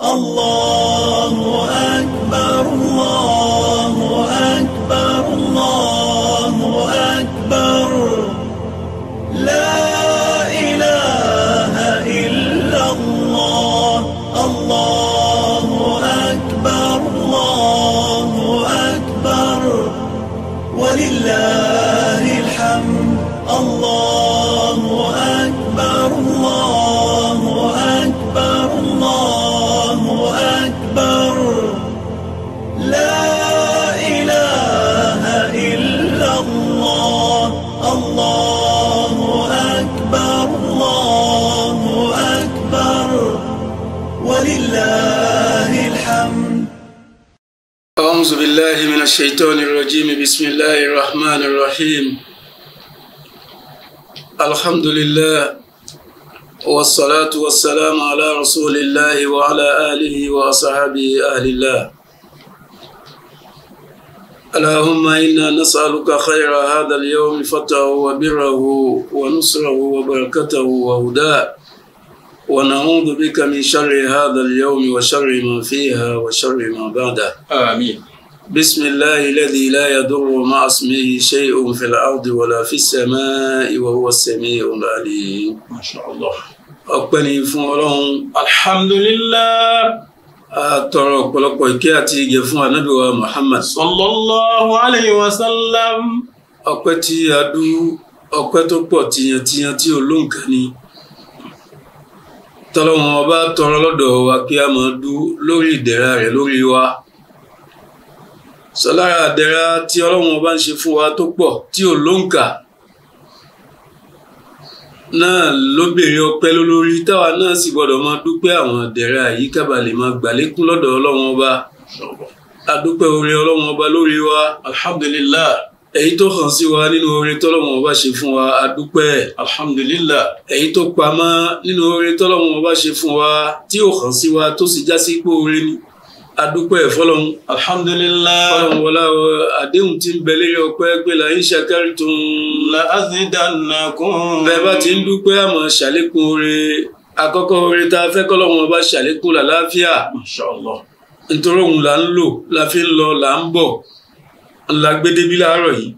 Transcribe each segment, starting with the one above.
الله أكبر بسم الله الرحمن الرحيم الحمد لله والصلاة والسلام على رسول الله وعلى آله وصحبه أهل الله اللهم إنا نسألك خير هذا اليوم فتحه وبره ونصره وبركته وهداه ونعوذ بك من شر هذا اليوم وشر ما فيها وشر ما بعده آمين بسم الله الذي لا يضر مع اسمه شيء في الأرض ولا في السماء وهو السميع العليم ما شاء الله ọpẹ́ ni fún Ọlọ́run alhamdulillah àtọrọ ọ̀pọ̀lọpọ̀ ìkẹ́ àti ìgẹ̀ fún anábìwa Muhammad sallallahu alayhi wa sallam ọpẹ́ tí a dú ọpẹ́ tó pọ̀ tiyantiyan tí olóǹkà ni tọlọ́run ọba tọrọ lọ́dọ̀ wa kí a máa dú lórí ìdẹ̀ra rẹ̀ lórí wa sọlára àdẹ̀ra tí ọlọ́run ọba ń ṣe fún wa tó pọ̀ tí ò lóǹkà náà ló béèrè ọpẹ́ lólórí táwa náà sì gbọ́dọ̀ máa dúpẹ́ àwọn àdẹ̀ra yìí kábà lè máa gbàlékún lọ́dọ̀ ọlọ́run ọba adúpẹ́ oore ọlọ́run ọba lórí wa alhamdulillah èyí tó hàn sí wa nínú oore tọ́lọ́run ọba ṣe fún wa adúpẹ́ alhamdulillah èyí tó pamọ́ nínú oore tọ́lọ́run ọba ṣe fún wa tí ò hàn sí wa tó sì já sí pé oore ni adúpẹ́ fọlọ́n alhamdulilayi fọlọ́n wọlá àdéhùn tí ń bẹ lérí ọpẹ́ pé la ń ṣàkárí tó ń. la azidannakum. bẹ́ẹ̀ bá ti ń dúpẹ́ àmọ́ ṣàlékún oore àkọ́kọ́ oore tá a fẹ́ kọ́ lọ́wọ́ bá ṣàlékún làlàáfíà. Inshallah. nítorí òun là ń lò la fi ń lọ là ń bọ̀ la gbé débi láàárọ̀ yìí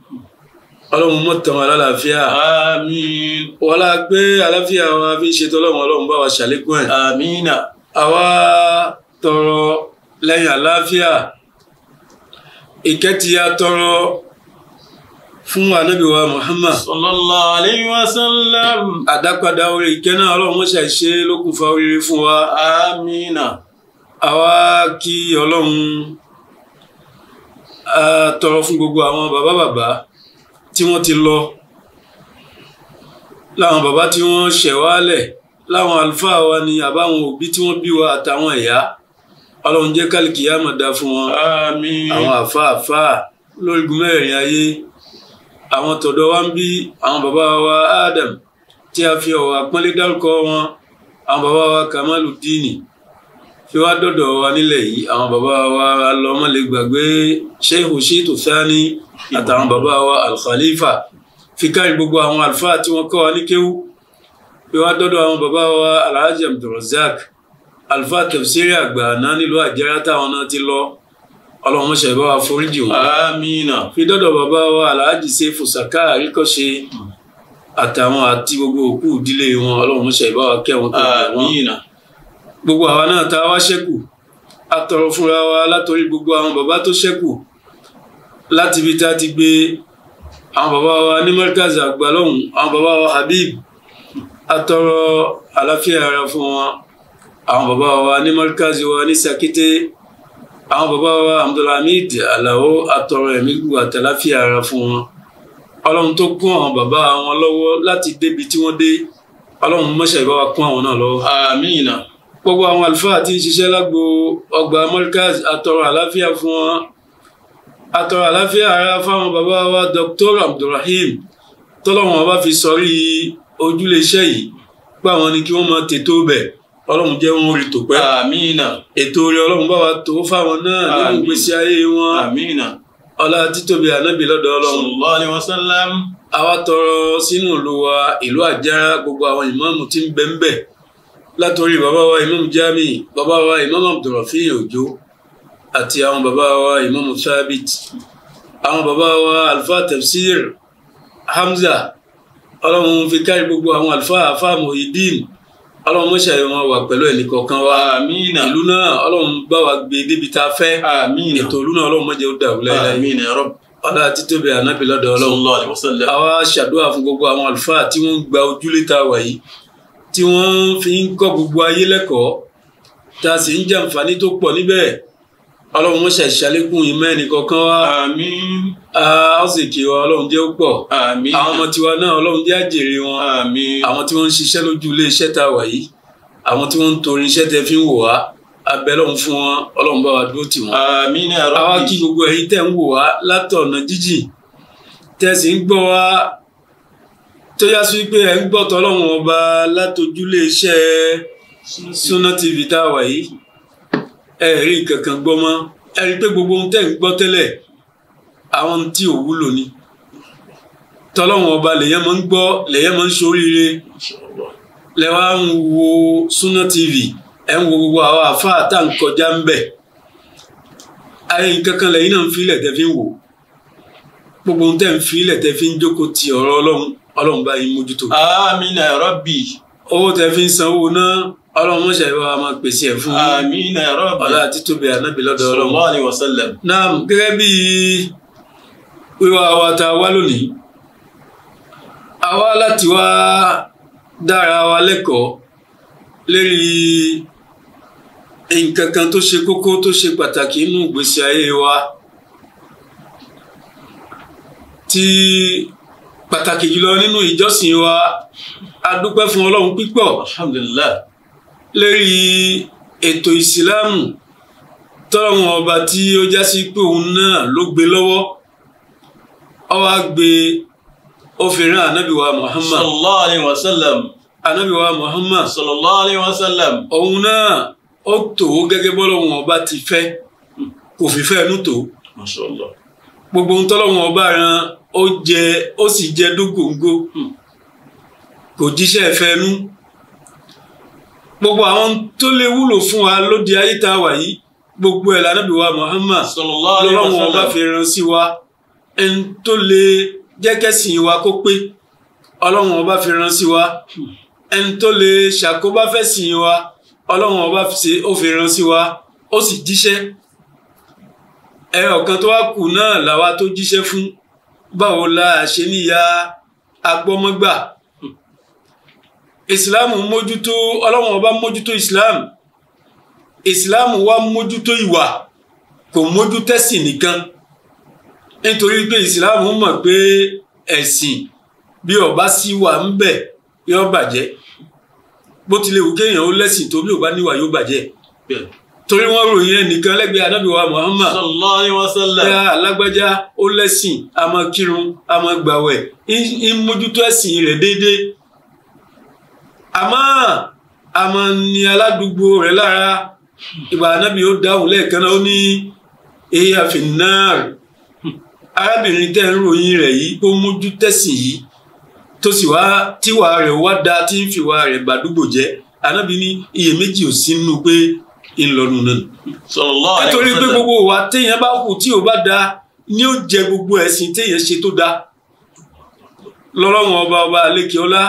ọlọ́run mọ̀tàn alálàáfíà. àmín. wọlá gbé àlàáfíà wa fi ń ṣètò ọlọ́run ọlọ́run bá wa ṣàlékún ẹ̀. àwa tọrọ lẹ́yìn àlàáfíà ìkẹ́ tí a tọrọ fún ànábì wa Muhammad sallallahu alayhi wa sallam àdápadà orí ìkẹ́ náà ọlọ́run ṣe ṣe lókùnfà oríire fún wa amina àwa kí ọlọ́run a tọrọ fún gbogbo àwọn bàbá bàbá tí wọ́n ti lọ láwọn bàbá tí wọ́n ṣẹ̀wálẹ̀ láwọn àlùfáà wa ni àbáwọn òbí tí wọ́n bí wa àtàwọn ẹ̀yà ọlọ́run jẹ́ kálíkì yá mọ̀ dá fún wọn àmín àwọn àfáàfá lórígun mẹ́rin ayé àwọn tọ̀dọ̀ wa ń bí àwọn bàbá wa Adam tí a fi ọ̀wọ̀ àpọ́nlé dárúkọ wọn àwọn bàbá wa Kamaludini fi wá dọ̀dọ̀ wa nílẹ̀ yìí àwọn bàbá wa alọ́mọlẹ̀ gbàgbé Sheikh Shitu Thani àtàwọn bàbá wa Al-Khalifa fi kárí gbogbo àwọn àlùfáà tí wọ́n kọ́ wa ní kéwú fi wá dọ̀dọ̀ àwọn bàbá wa Alhaji Abdulrazak alfa tafsiri àgbà àná nílùú àjẹrà táwọn náà ti lọ ọlọ́run mọṣẹ bá wa foríjì wọn. amina. fi dọ́dọ̀ bàbá wa alhaji sefu saka àríkọ́ṣe àtàwọn àti gbogbo òkú ìdílé wọn ọlọ́run mọṣẹ bá wa kẹwọn tó bẹ wọn. amina. gbogbo àwa náà tá a wá ṣẹ́kù a tọrọ fúnra wa látòrí gbogbo àwọn bàbá tó ṣẹ́kù láti ibi tá a ti gbé àwọn bàbá wa ní mọ́ríkàzì àgbà lọ́hùn àwọn bàbá wa habib a tọrọ àlàáfíà ara fún wọn àwọn Baba wa ní markazi wa ní Sakite àwọn bàbá wa Abdulhamid Alao atọrọ ẹ̀mí gbogbo àtàláfíà ara fún wọn ọlọ́run tó kún àwọn bàbá wọn lọ́wọ́ láti débi tí wọ́n dé ọlọ́run mọ́ṣẹ́ ìbá wa kún àwọn náà lọ́wọ́ àmín gbogbo àwọn àlùfáà tí ń ṣiṣẹ́ lágbo ọgbà markazi atọrọ àláfíà fún wọn atọrọ àláfíà ara fáwọn bàbá wa Dr. Abdulrahim tọ́lọ́wọ́n bá fi sọrí ojúlé iṣẹ́ yìí pé àwọn ni kí wọ́n máa tètò bẹ̀ ọlọ́run jẹ́ wọn olùtò pẹ́. àmínà. ètò orí ọlọ́run bá wa tó fáwọn náà nínú ìgbésí ayé wọn. àmínà. ọlá títóbi ànábì lọ́dọ̀ ọlọ́run. sallallahu alaihi wasallam. àwa tọrọ sínú ìlú wa ìlú àjára gbogbo àwọn ìmáàmù tí ń bẹ ń bàbá wa ìmáàmù jami bàbá wa ìmáàmù abdulrafin òjò àti àwọn bàbá wa ìmáàmù thabit àwọn bàbá wa alfa tafsir hamza ọlọ́run fi kárí gbogbo àwọn alfa afa muhyiddin ọlọ́run mọ́ṣẹ́ wọn wà pẹ̀lú ẹnìkọ̀ọ̀kan wa àmín ìlú náà ọlọ́run bá wa gbé débi tá a fẹ́ àmín ètò ìlú náà ọlọ́run mọ́jẹ́ ó dàrú láyé àmín ya Rabb ọlá títóbi ànábì lọ́dọ̀ ọlọ́run àwa ṣàdúrà fún gbogbo àwọn àlùfáà tí wọ́n ń gba ojúlé tá a wà yìí tí wọ́n fi ń kọ́ gbogbo ayé lẹ́kọ̀ọ́ tá a sì ń jàǹfààní tó pọ̀ níbẹ̀ ọlọ́run mọ́ṣẹ́ ìṣàlékún ìmọ̀ ẹnìkọ̀ọ̀kan wa àmín ó sì kí wa ọlọ́run jẹ́ ó pọ̀ àmín àwọn ọmọ tiwa náà ọlọ́run jẹ́ àjèrè wọn àmín àwọn tí wọ́n ń ṣiṣẹ́ lójú ilé iṣẹ́ tá a wà yìí àwọn tí wọ́n ń torin iṣẹ́ tẹ fi ń wò wá abẹ́lọ́run fún wọn ọlọ́run bá wa dúró tì wọ́n. àmín ya Rabbi. àwa kí gbogbo ẹ̀yin tẹ̀ ń wò wá látọ̀nà jíjìn tẹ̀sí ń gbọ́ wá tó yá sí pé ẹ̀ ń gbọ́ tọ́lọ́run ọba látojúlé iṣẹ́ Sunna TV tá a wà yìí ẹ̀ rí nǹkan kan gbọ́ mọ́ ẹ̀ rí pé gbogbo ohun tẹ̀ ń gbọ́ tẹ́lẹ̀ àwọn tí ò wúlò ni tọ́lọ́wọ́n ọba lèyàn máa ń gbọ́ lèyàn máa ń ṣoríire lẹ́wà ń wo Sunna TV ẹ̀ ń wo gbogbo àwọn àfáà tá à ń kọjá ń bẹ̀ ayé nkankan lẹ́yìn náà ń filẹ̀ tẹ́ fi ń wò gbogbo ohun tẹ́ ń filẹ̀ tẹ́ fi ń jókòó ti ọ̀rọ̀ ọlọ́run ọlọ́run bá yín mójútó. amina rabbi. owó tẹ́ fi ń sanwó náà ọlọ́run mọṣẹ ìwà máa pèsè ẹ fún. amina rabbi. ọlá àti tóbi ànábì lọ́dọ̀ ọlọ́run. sallallahu alaihi wasallam. naam gẹ́gẹ́ wíwá wa ta wá lónìí a wá láti wá dára wa lẹ́kọ̀ọ́ lérí nǹkan kan tó ṣe kókó tó ṣe pàtàkì nínú ìgbésí ayé wa tí pàtàkì jùlọ nínú ìjọsìn wa a fún Ọlọ́run pípọ̀ alhamdulillah lérí ètò ìsìláàmù tọ́lọ́run ọba tí ó já sí pé òun náà ló gbé lọ́wọ́ ó wá gbé ó fi rán ànábì wa Muhammad sallallahu alayhi wa sallam ànábì wa Muhammad sallallahu alayhi wa sallam òun náà ó tò ó gẹ́gẹ́ bọ́lọ́hun ọba ti fẹ́ kò fi fẹ́ ẹnu tò gbogbo ohun tọ́lọ́hun ọba ran ó jẹ ó sì jẹ dógóńgó kò jíṣẹ́ ẹ̀fẹ́ ẹnu gbogbo àwọn tó lè wúlò fún wa lóde ayé tá wà yìí gbogbo ẹ̀ lànàbí Muhammad sallallahu alayhi wa sallam lọ́wọ́ ọba fi rán sí wa ẹni tó lè jẹ́ kẹ́sìn wa kó pé ọlọ́run ọba fi rán sí wa ẹni tó lè ṣàkóbá fẹ́sìn wa ọlọ́run ọba ó fi rán sí wa ó sì jíṣẹ́ ẹ ọ̀kan tó wá kù náà làwa tó jíṣẹ́ fún báwo la ṣe níyà agbọ́mọ́gbà islam mójútó ọlọ́run ọba mójútó islam islam wa mójútó ìwà kò mójútẹ́sìn nìkan nítorí pé ìsìláàmù mọ̀ pé ẹ̀sìn bí ọba sí wà ń bẹ̀ yọ bàjẹ́ bó tilẹ̀ wù kéèyàn ó lẹ́sìn tó bí ọba níwà yóò bàjẹ́ torí wọn ròyìn ẹnìkan lẹ́gbẹ̀ẹ́ anábìwá Muhammad sallallahu alaihi wasallam ẹ alágbájá ó lẹ́sìn àmọ́ kírun àmọ́ gbàwẹ̀ ń mójútó ẹ̀sìn rẹ̀ déédéé àmọ́ àmọ́ ni aládùúgbò rẹ̀ lára ìgbà anábì ó dáhùn lẹ́ẹ̀kan náà ó ní èyí àfìnnáàrì arábìnrin tẹ́ ń ròyìn rẹ̀ yìí kó mójú tẹ̀sìn yìí tó sì wá tíwà rẹ̀ wá da tí ń fìwà rẹ̀ gbàdúgbò jẹ́ anábì ní iyèméjì ò sí nínú pé ńlọrun náà. sallallahu alaihi wasallam nítorí pé gbogbo wa téèyàn bá kù tí ò bá da ni ó jẹ gbogbo ẹ̀sìn téèyàn ṣe tó da lọ́lọ́run ọba ọba àlékè ọlá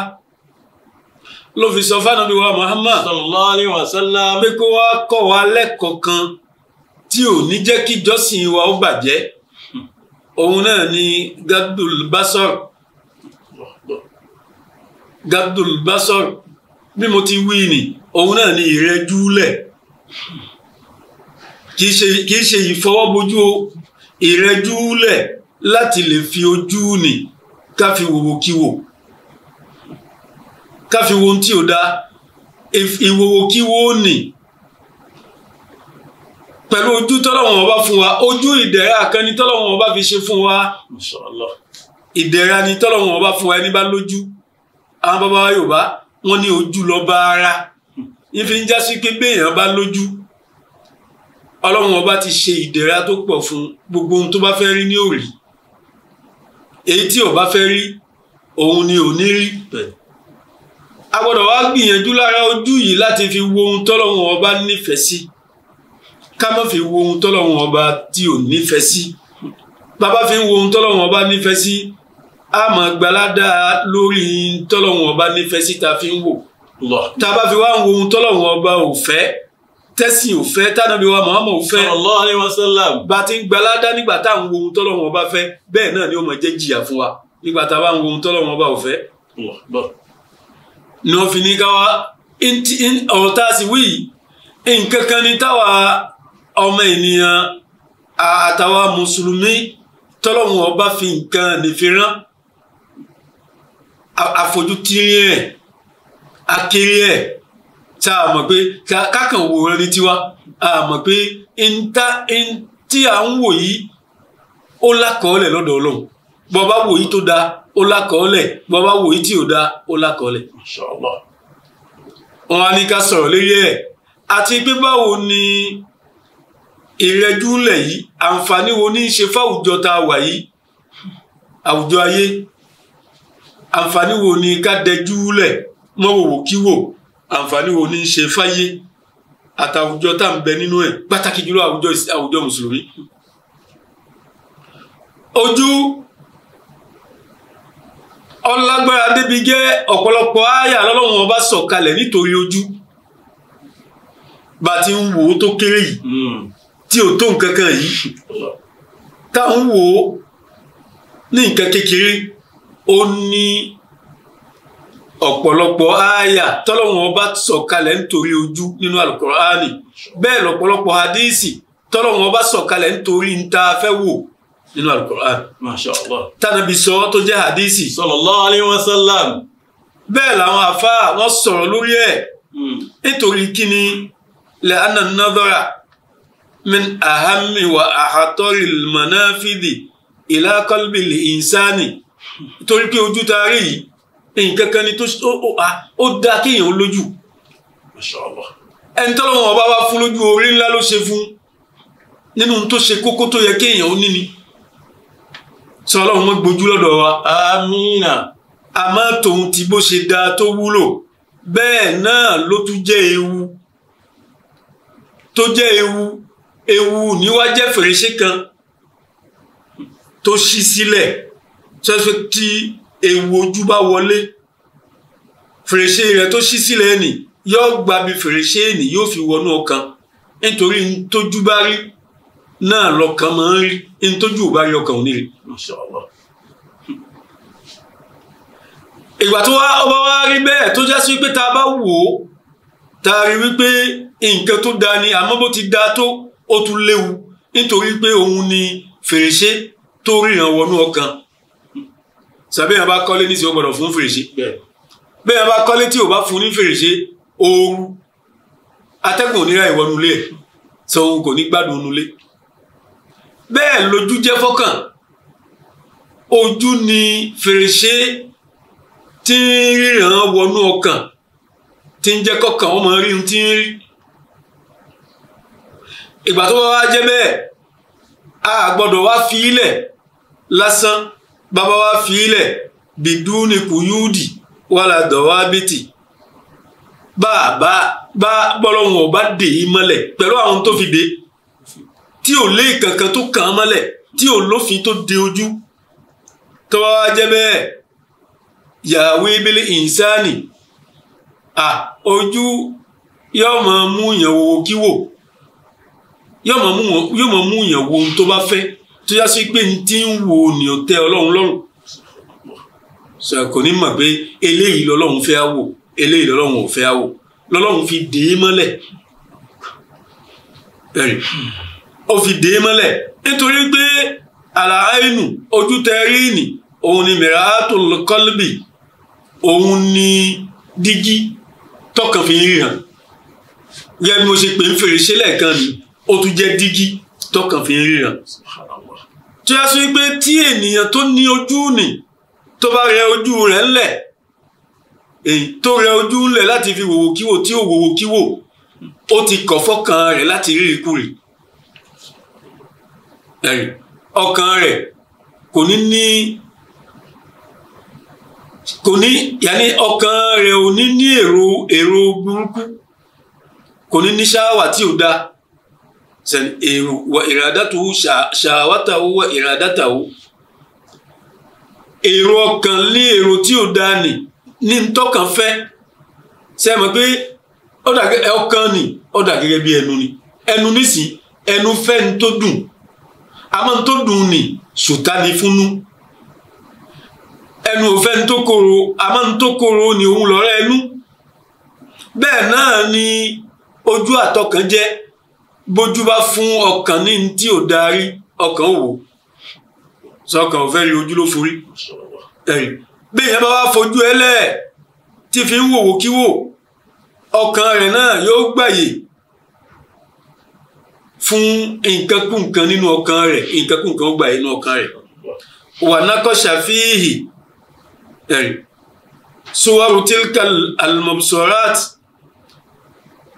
ló fi sọ fánàbí wa Muhammad sallallahu alaihi wasallam pé kó wá kọ́ wa lẹ́kọ̀ọ́ kan tí ò ní jẹ́ kí ìjọsìn wa ó bàjẹ́ òun náà ni gadul basor gadul basor bí mo ti wí ni òun náà ni ìrẹjúlẹ̀ kì í ṣe ìfọwọ́bojú ìrẹjúlẹ̀ láti lè fi ojú ni ká fi wòwò kí ká fi wo ohun tí ò da ìwòwò kí wò ni pẹ̀lú ojú tọ́lọ́wọ̀n ọba fún wa ojú ìdẹ̀ra kan ni tọ́lọ́wọ̀n ọba fi ṣe fún wa ìdẹ̀ra ni tọ́lọ́wọ̀n ọba fún wa ẹni bá lójú àwọn bàbá wa Yorùbá wọn ní ojú lọ́ba ara ife ń já sí pé béèyàn bá lójú ọlọ́wọ̀n ọba ti ṣe ìdẹ̀ra tó pọ̀ fún gbogbo ohun tó bá fẹ́ rí ní òrì èyí tí ò fẹ́ rí òun ni ò ní rí bẹ́ẹ̀ a wá gbìyànjú lára ojú yìí láti fi wo ohun tọ́lọ́wọ̀n ọba nífẹ̀ẹ́ sí. Si ká má fi wo ohun tọ́lọ́run ọba tí ò nífẹ̀ẹ́ sí bàbá fi ń wo ohun tọ́lọ́run ọba nífẹ̀ẹ́ sí a máa gbalada lórí tọ́lọ́run ọba nífẹ̀ẹ́ sí ta fi ń wò tá bá fi wá ń wo ohun tọ́lọ́run ọba ò fẹ́ tẹ́sìn ò fẹ́ tánàbí wa Muhammad ò fẹ́ sallallahu alaihi wasallam bá ti ń gbalada nígbà tá à ń wo ohun tọ́lọ́run ọba fẹ́ bẹ́ẹ̀ náà ni ó máa jẹ́ jìyà fún wa nígbà tá a bá ń wo ohun tọ́lọ́run ọba ò fẹ́ ní wọ́n fi ní káwa ọ̀tá sí wíì nǹkan kan ní táwa ọmọ ènìyàn àtàwa mùsùlùmí tọ́lọ́hun ọba fi nǹkan nìfiran àfojútìrí ẹ̀ akiri ẹ̀ tá a mọ̀ pé kákan wòran ní tiwa a mọ̀ pé tí a ń wò yìí ó lákọ̀ọ́lẹ̀ lọ́dọ̀ ọlọ́run bọ́ba wò yìí tó dáa ó lákọ̀ọ́lẹ̀ bọ́ba wò yìí tí ò dáa ó lákọ̀ọ́lẹ̀. wọn á ní ká sọ̀rọ̀ lórí ẹ̀ àti pé ni ìrẹjú ńlẹ̀ yìí àǹfààní wo ní í ṣe fáwùjọ tá a wà yìí àwùjọ ayé àǹfààní wo ni ká dẹjú lẹ̀ mọ́wòwò kíwò àǹfààní wo ní í ṣe fáyé àtàwùjọ tá à ń bẹ nínú ẹ̀ pàtàkì jùlọ àwùjọ àwùjọ mùsùlùmí. ojú ọlágbára débi jẹ́ ọ̀pọ̀lọpọ̀ àyà lọ́lọ́run ọba sọ̀kalẹ̀ nítorí ojú bá ti ń wò ó tó kéré yìí. Mm tí ò tó nǹkan kan yìí tá à ń wò ó ní nǹkan kékeré ó ní ọ̀pọ̀lọpọ̀ àyà tọ́lọ́wọ́n ọba sọ̀kalẹ̀ nítorí ojú nínú alukur'ani bẹ́ẹ̀ lọ̀pọ̀lọpọ̀ hadísì tọ́lọ́wọ́n ọba sọ̀kalẹ̀ nítorí níta fẹ́ wò nínú alukur'ani. Masha sọ tó jẹ́ hadísì. sallallahu alayhi wa sallam. bẹ́ẹ̀ làwọn afa wọn sọ̀rọ̀ lórí ẹ̀ hmm. nítorí kíni lẹ́hánà nádọ́rà من أهم wa المنافذ إلى قلب الإنسان. insani torí pé ojú ta rí yìí nǹkan kan ni tó ó dá kéèyàn lójú ẹni tọ́lọ́ wọn bá wá fún lójú orí ńlá ló ṣe fún nínú tó ṣe kókó tó yẹ kéèyàn ó níni sọ ọlọ́run mọ́ gbójú lọ́dọ̀ wa amínà àmọ́ tòun ti bó ṣe da tó wúlò bẹ́ẹ̀ náà ló tún jẹ́ ewu tó jẹ́ ewu ewu ni wá jẹ́ fèrèsé kan tó ṣí sílẹ̀ sọ́sọ́ tí ewu ojú bá wọlé fèrèsé rẹ̀ tó ṣí sílẹ̀ nì yóò gbabi fèrèsé nì yóò fi wọnú ọkàn nítorí ntójú bá rí náà lọkàn máa ń rí ntójú ò bá rí ọkàn ò rí. ìgbà tó ọba wa rí bẹ́ẹ̀ tó já sí pé tá a bá wò ó tá a rí wípé nǹkan tó da ni àmọ́ bó ti da tó ó tún léwu nítorí pé òun ni fèrèsé tó ríran wọnú ọkàn sàbí yẹn bá kọ́lé ní ìsìn ọgbọ̀dọ̀ fún fèrèsé bẹ́ẹ̀ yẹn bá kọ́lé tí ò bá fún ní fèrèsé ooru atẹ́gùn onírà ìwọ́nú ilé ẹ̀ sọ òun kò ní gbádùn onú ilé bẹ́ẹ̀ lójú jẹ́ fọ́kàn ojú ni fèrèsé tí ń ríran wọnú ọkàn tí ń jẹ́ kọ́kàn ọmọ rí ohun tí ń rí ìgbà tó bá wá jẹ́ bẹ́ẹ̀ a gbọ́dọ̀ wá fi ilẹ̀ lásán bàbá wá fi ilẹ̀ bìdúni kùyúdì wàlà dọ̀wábìtì bá a bá bá bọ́lọ́hún ọba dè í mọ́lẹ̀ pẹ̀lú àwọn tó fi dé tí ò lé kankan tó kàn án mọ́lẹ̀ tí ò lófin tó de ojú tó bá wá jẹ́ bẹ́ẹ̀ yàwé bílẹ̀ ìnsáni à ojú yóò mú yàn wò kíwò yóò mọ̀ mú yàn wo ohun tó bá fẹ́ tó yá sí pé ti ń wo ènìyàn tẹ́ ọlọ́run lọ́rùn kò ní mọ̀ pé eléyìí lọ́lọ́run fẹ́ á wò eléyìí lọ́lọ́run ò fẹ́ á wò lọ́lọ́run fi dè é mọ́lẹ̀ ó fi dè é mọ́lẹ̀ nítorí pé àlàáìnù ojú tẹ rí òun ni miratul qalbi òun ni dígí tọkàn fi ń ríran gẹ́gẹ́ bí mo ṣe pè ń fèrèsé lẹ́ẹ̀kan ni ó tún jẹ́ dígí tọkàn fi ń ríran tó yá sí pé tí ènìyàn tó ní ojú nì tó bá rẹ ojú rẹ̀ ńlẹ̀ èyí tó rẹ ojú ńlẹ̀ láti fi wòwò kíwò tí ò wòwò kíwò ó ti kọ̀ fọ́kàn rẹ̀ láti rí ikúrì ẹ̀rì ọkàn rẹ̀ kò ní ní kò ní yàní ọkàn rẹ̀ ò ní ní èrò èrò burúkú kò ní ní ṣáwà tí ò dáa wa iradatuhu shahawatahu wa èrò ọkàn lé èrò tí ò dáa nì ní tọkàn fẹ́ ṣe pé ọkàn nì ọ̀dà gẹ́gẹ́ bí ẹnu ni ẹnu nísìn ẹnu fẹ́ ní tó dùn àmọ́ tó dùn nì ṣùtá ẹnu ní tó ní ẹnu Bẹẹ náà ni ojú àtọkàn bójú bá fún ọkàn ní tí ò darí ọkàn wò sọkàn ò fẹ́ rí ojú ló forí ẹ̀rí bí èèyàn bá wá fojú ẹ lẹ́ẹ̀ tí fi ń wòwò kí wò ọkàn rẹ̀ náà yóò gbàyè fún nǹkankùnkan nínú ọkàn rẹ̀ nǹkankùnkan ó gbàyè nínú ọkàn rẹ̀ wà nákọ́ ṣàfihì ẹ̀rí sọ́wọ́rù tílkà almọ̀bùsọ̀ráàtì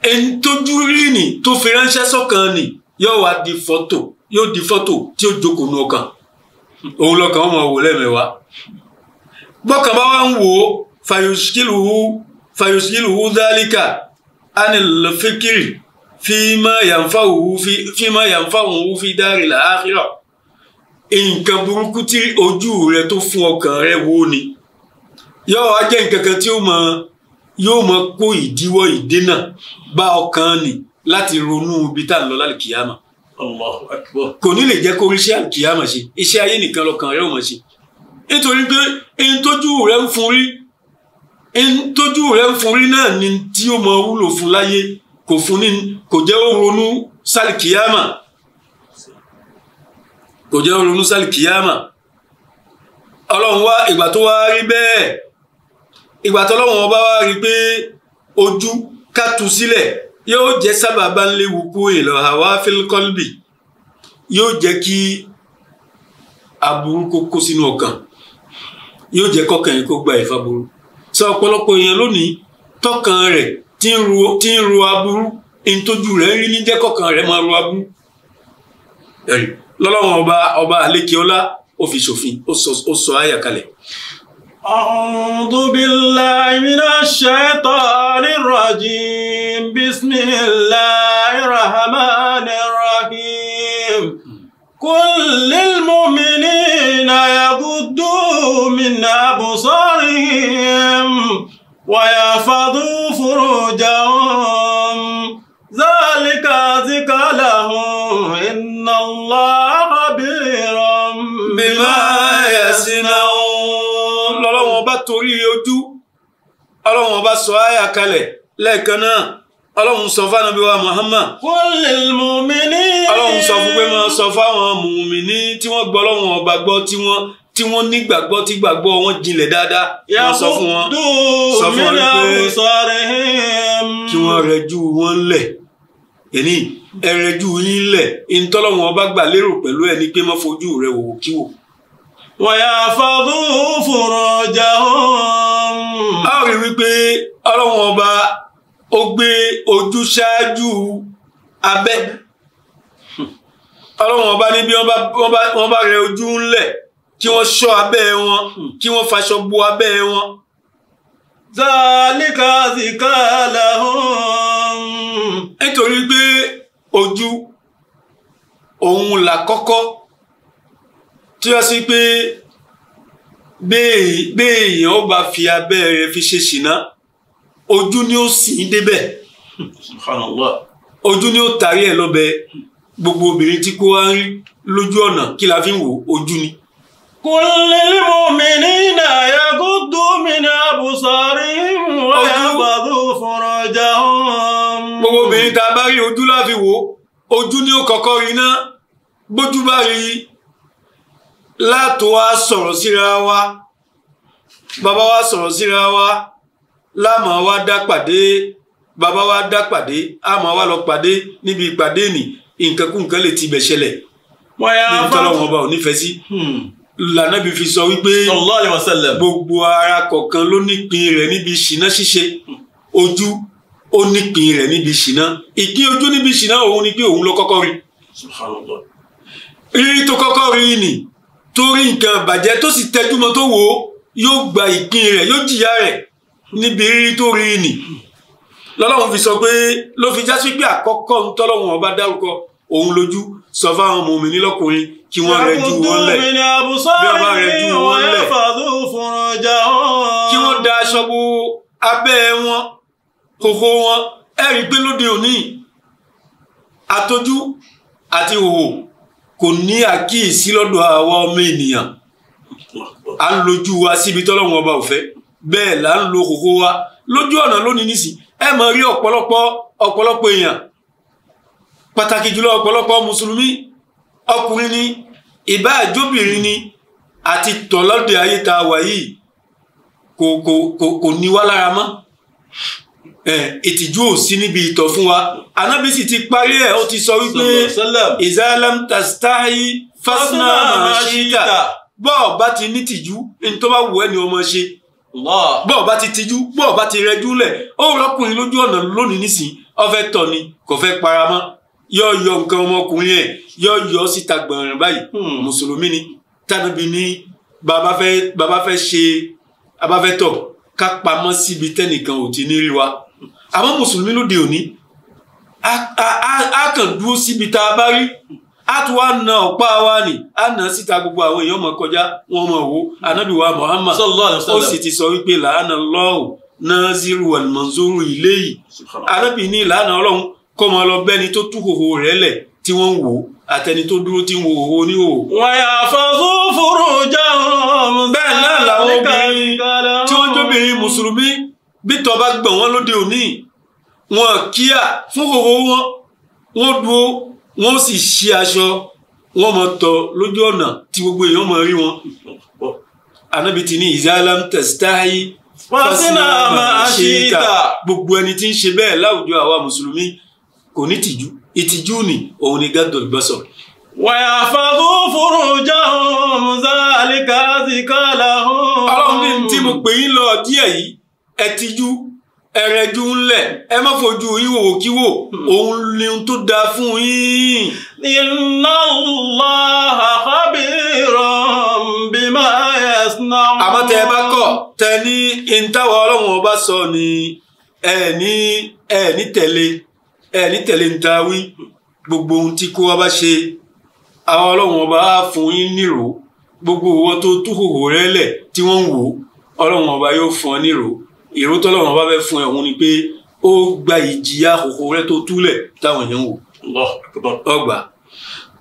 ẹni tójú rí ni tó fi ránṣẹ́ sọ́kàn ni yóò wá di fọ́tò yóò di fọ́tò tí ó jókòó nu ọkàn òun lọ́kàn ọmọ wò lẹ́mẹ̀wá bọ́kàn bá wá ń wò ó fayosikiluhu fayosikiluhu dálíkà anilfikiri fíìmá yànfàwùhù fíìmá yànfàwùhù fi dárì làákìrọ̀ nǹkan burúkú tí ojú rẹ tó fún ọkàn rẹ wò ni yóò wá jẹ́ nǹkan kan tí ó máa yóò mọ kó ìdíwọ́ ìdènà bá ọkàn ni láti ronú ibi tá à ń lọ lálẹ́ kìyàmà kò ní lè jẹ́ kó iṣẹ́ kìyàmà ṣe iṣẹ́ ayé nìkan lọ́kàn rẹ̀ ò mọ̀ ṣe nítorí pé ẹni tójú rẹ̀ ń fún rí ẹni tójú rẹ̀ ń fún rí náà ni tí ó mọ wúlò fún láyé kò fún ní kò jẹ́ ó ronú sálì kò jẹ́ ó ronú sálì ọlọ́run wá ìgbà tó wá rí bẹ́ẹ̀ ìgbà tó lọ́wọ́n ọba wa rí i pé ojú ká tu sílẹ̀ yóò jẹ́ sábàbá ń léwu kú ìlọ àwa fílkọ́lbì yóò jẹ́ kí aburú kó kó sínú ọkàn yóò jẹ́ kọ́kàn yìí kó gba ìfaburú sọ ọ̀pọ̀lọpọ̀ èèyàn lónìí tọkàn rẹ̀ tí ń ro aburú ntójú rẹ̀ rí ní jẹ́ kọ́kàn rẹ̀ máa ro aburú lọ́lọ́wọ́n ọba ọba àlékeọlá ó fi ṣòfin ó sọ àyà kalẹ̀. أعوذ بالله من الشيطان الرجيم بسم الله الرحمن الرحيم كل للمؤمنين يغضوا من أبصارهم ويحفظوا فروجهم ذلك ذكر لهم إن الله خبير بما يصنعون bá torí ojú ọlọ́run ọba sọ àyà kalẹ̀ lẹ́ẹ̀kan náà ọlọ́run sọ fáwọn ọbẹ̀ wa Muhammad. kullil mu'minin. ọlọ́run sọ fún pé máa sọ fáwọn mùmíní tí wọ́n gbọ́ ọlọ́run ọba gbọ́ tí wọ́n tí wọ́n nígbàgbọ́ tí gbàgbọ́ wọn jinlẹ̀ dáadáa wọ́n sọ fún wọn sọ fún wọn kí wọ́n rẹjú wọn lẹ̀ èní ẹrẹjú yín lẹ̀ ìtọ́lọ́wọ́n ọba gbà lérò pẹ̀lú ẹni pé má fojú rẹ wò kíwò. ويحفظوا فروجهم. a rí wípé ọlọ́run ọba ó gbé ojú ṣáájú abẹ́ ọlọ́run ọba ní bí wọ́n bá rẹ ojú ńlẹ̀ kí wọ́n ṣọ́ abẹ́ wọn kí wọ́n faṣọ bo abẹ́ wọn. zalika zika lahum. nítorí pé ojú òun là kọ́kọ́ tó yá sí pé béèyàn ó bá fi abẹ́ rẹ̀ fi ṣe ṣìnà ojú ni ó sì ń débẹ̀ ojú ni ó tarí ẹ̀ lọ́bẹ̀ gbogbo obìnrin tí kò wá ń rí lójú ọ̀nà kí la fi ń wò ojú ni. Kulli lil mu'minina yaghuddu min absarihim wa yahfazu furujahum. Gbogbo obìnrin tá a bá rí ojú la wò ojú ni ó kọ́kọ́ rí náà bójú bá rí i láti wá sọ̀rọ̀ síra wa bàbá wa sọ̀rọ̀ síra wa láàmú wa dá pàdé bàbá wa dá pàdé àmọ́ wa lọ pàdé níbi ìpàdé nì nǹkankúnkan lè ti bẹ̀ ṣẹlẹ̀ níbi tọ́lọ́ wọn bá ò nífẹ̀ẹ́ sí hmm. lànàbí fi sọ wípé sallallahu alaihi wasallam gbogbo ara kọ̀ọ̀kan ló nípìn rẹ̀ níbi ìṣìná ṣíṣe ojú ó nípìn rẹ̀ níbi ìṣìná ìpín ojú níbi ìṣìná òun ni pé òun ló kọ́kọ́ rí rírí tó kọ́kọ́ rí ni torí nǹkan ìbàjẹ́ tó sì tẹjú mọ́ tó wò ó yóò gba ìpín rẹ̀ yóò jìyà rẹ̀ níbi rírí tó rí nì lọ́lọ́run fi sọ pé ló fi já sí pé àkọ́kọ́ ń tọ́lọ́run ọba dárúkọ òun lójú sọ fáwọn ọmọ mi nílọkùnrin kí wọ́n rẹ ju wọn lẹ̀ bí wọ́n bá rẹ ju wọn lẹ̀ kí wọ́n da aṣọ bo abẹ́ wọn kókó wọn ẹ̀rí pé lóde òní àtọjú àti òhò kò ní àkíyèsí lọ́dọ̀ àwa ọmọ ènìyàn à ń lójú wa síbi tọ́lọ́wọ́n ọba ò fẹ́ bẹ́ẹ̀ là ń lo kókó wa lójú ọ̀nà lónìí nìsí ẹ máa rí ọ̀pọ̀lọpọ̀ ọ̀pọ̀lọpọ̀ èèyàn pàtàkì jùlọ ọ̀pọ̀lọpọ̀ mùsùlùmí ọkùnrin ni ìbá àjóbìnrin ni àti tọ̀lọ́dẹ̀ ayé tá wà yìí kò kò kò kò ní wá lára mọ́ Eh, ìtìjú ò sí níbi ìtọ̀ fún wa anábì sì ti parí ẹ̀ ó ti sọ wípé ìzáàlám tàsítáì fásánà àṣìíta bọ́ọ̀ bá ti ní tìjú ní tó bá wù ẹ́ ni ọmọ ṣe bọ́ọ̀ bá ti tìjú bọ́ọ̀ bá ti rẹjú lẹ̀ ó rọ́kùnrin lójú ọ̀nà lónìí nísìnyí ọ̀fẹ́ tọ̀ ni kò fẹ́ para mọ́ yọ yọ nǹkan ọmọkùnrin ẹ̀ yọ yọ síta gbọ̀nràn báyìí hmm. mùsùlùmí ni tànàbí ni bàbá fẹ́ bàbá fẹ́ ṣe abáfẹ́tọ̀ ká pamọ́ síbi tẹ́nìkan ò ti ní rí wa àmọ́ mùsùlùmí lóde òní a kàn dúró síbi tá a bá rí a tún wá na ọ̀pá wa nì a nà síta gbogbo àwọn èèyàn mọ̀ kọjá wọn mọ̀ wò anábì wa Muhammad ó sì ti sọ wípé làánà lọ́wọ́ naziru alimanzuru ilé yìí anábì ní làánà ọlọ́run kọ́ mọ lọ bẹ́ni tó tú hòhò rẹ̀ lẹ̀ tí wọ́n ń wò àtẹni tó dúró tí ń wo hòhò ní hòhò. wọ́n yà fọ́sọ́ fúru jẹun bẹ́ẹ̀ náà làwọn obìnrin tí wọ́n jóbìnrin mùsùlùmí bítọ̀ bá gbọ̀n wọn lóde òní wọn kíá fún kòkó wọn wọn dúró wọn sì ṣí aṣọ wọn mọ tọ lójú ọ̀nà tí gbogbo èèyàn mọ rí wọn. Ànábì ti ní ìzálàm tẹ̀sítáyì fásínà máa ṣe ìta gbogbo ẹni tí ń ṣe bẹ́ẹ̀ láwùjọ àwa mùsùlùmí kò ní tìjú ìtìjú ni òun ni gádùn ìgbọ́sọ̀. wàyàfàdù furujahum zálíkà zikà lahum. ọlọ́run ní tí mo pè yín lọ díẹ̀ yìí ẹtijú ẹrẹjú ńlẹ̀ ẹ má fojú ìwòwò kíwò hmm. òun ni ohun tó dáa fún yín. inna Allaha khabiran bima yasna'un. àmọ́ tẹ ẹ bá kọ̀ tẹ ní ìntàwọ̀ ọlọ́run ọba sọ ni ẹ ní ẹ ní tẹ̀lé ẹ ní tẹ̀lé ń gbogbo ohun tí kó wa ṣe àwọn ọlọ́run ọba á fún yín nírò gbogbo owó tó tú hòhò rẹ lẹ̀ tí wọ́n ń wò ọlọ́run ọba yóò fún ọ nírò ìró tọ́lọ́wọ́n bá fẹ́ fún ẹ òun ni pé ó gba ìjìyà àkókò rẹ tó túlẹ̀ táwọn èèyàn wò ọgbà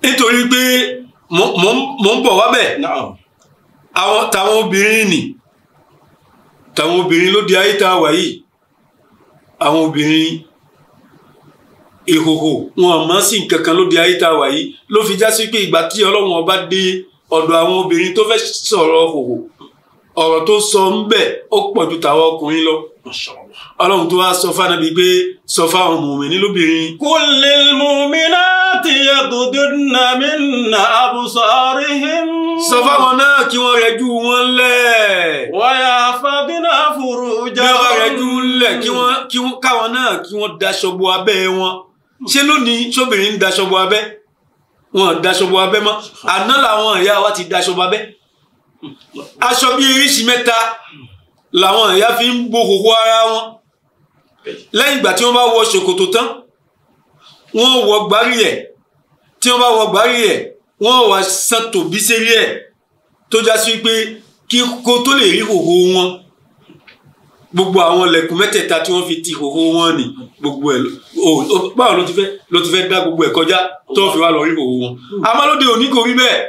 nítorí pé mò ń bọ̀ wábẹ̀ àwọn táwọn obìnrin nì táwọn obìnrin ló di ayé tá a wà yìí àwọn obìnrin ìhòhò wọn àmọ́ sí nǹkan ló di ayé tá a wà yìí ló fi já sí pé ìgbà tí ọlọ́run ọba dé ọ̀dọ̀ àwọn obìnrin tó fẹ́ sọ̀rọ̀ hòhò ọ̀rọ̀ tó sọ ń bẹ̀ ó pọ̀ ju tàwọn ọkùnrin lọ. ọlọ́run tó wá sọ fún anabi pé sọ fún àwọn mùmíní lóbìnrin. kullil mu'minati yaghdudna min absarihin. sọ fáwọn náà kí wọ́n rẹjú wọn lẹ̀. wa yahfadna furujahun. bí wọ́n rẹjú lẹ̀ kí wọ́n káwọn náà kí wọ́n daṣọ bo abẹ́ wọn. ṣé lónìí sóbìnrin ń daṣọ bo abẹ́ wọn daṣọ bo abẹ́ mọ́ àná làwọn ìyá wa ti daṣọ bo abẹ́ aṣọ bíi oríṣi mẹ́ta làwọn ìyá fi ń bo kòkó ara wọn lẹ́yìn ìgbà tí wọ́n bá wọ ṣòkòtò tán wọ́n wọ gbárí ẹ̀ tí wọ́n bá wọ gbárí ẹ̀ wọ́n wà san tòbí sérí ẹ̀ tó já sí pé kí kó tó lè rí kòkó wọn gbogbo àwọn lẹ̀kùn mẹ́tẹ̀ẹ̀ta tí wọ́n fi ti hòhò wọn ni gbogbo ẹ̀ báwo ló ti fẹ́ ló ti fẹ́ dá gbogbo ẹ̀ kọjá tó fi wá lọ rí hòhò wọn àmọ́ lóde òní kò rí bẹ́ẹ̀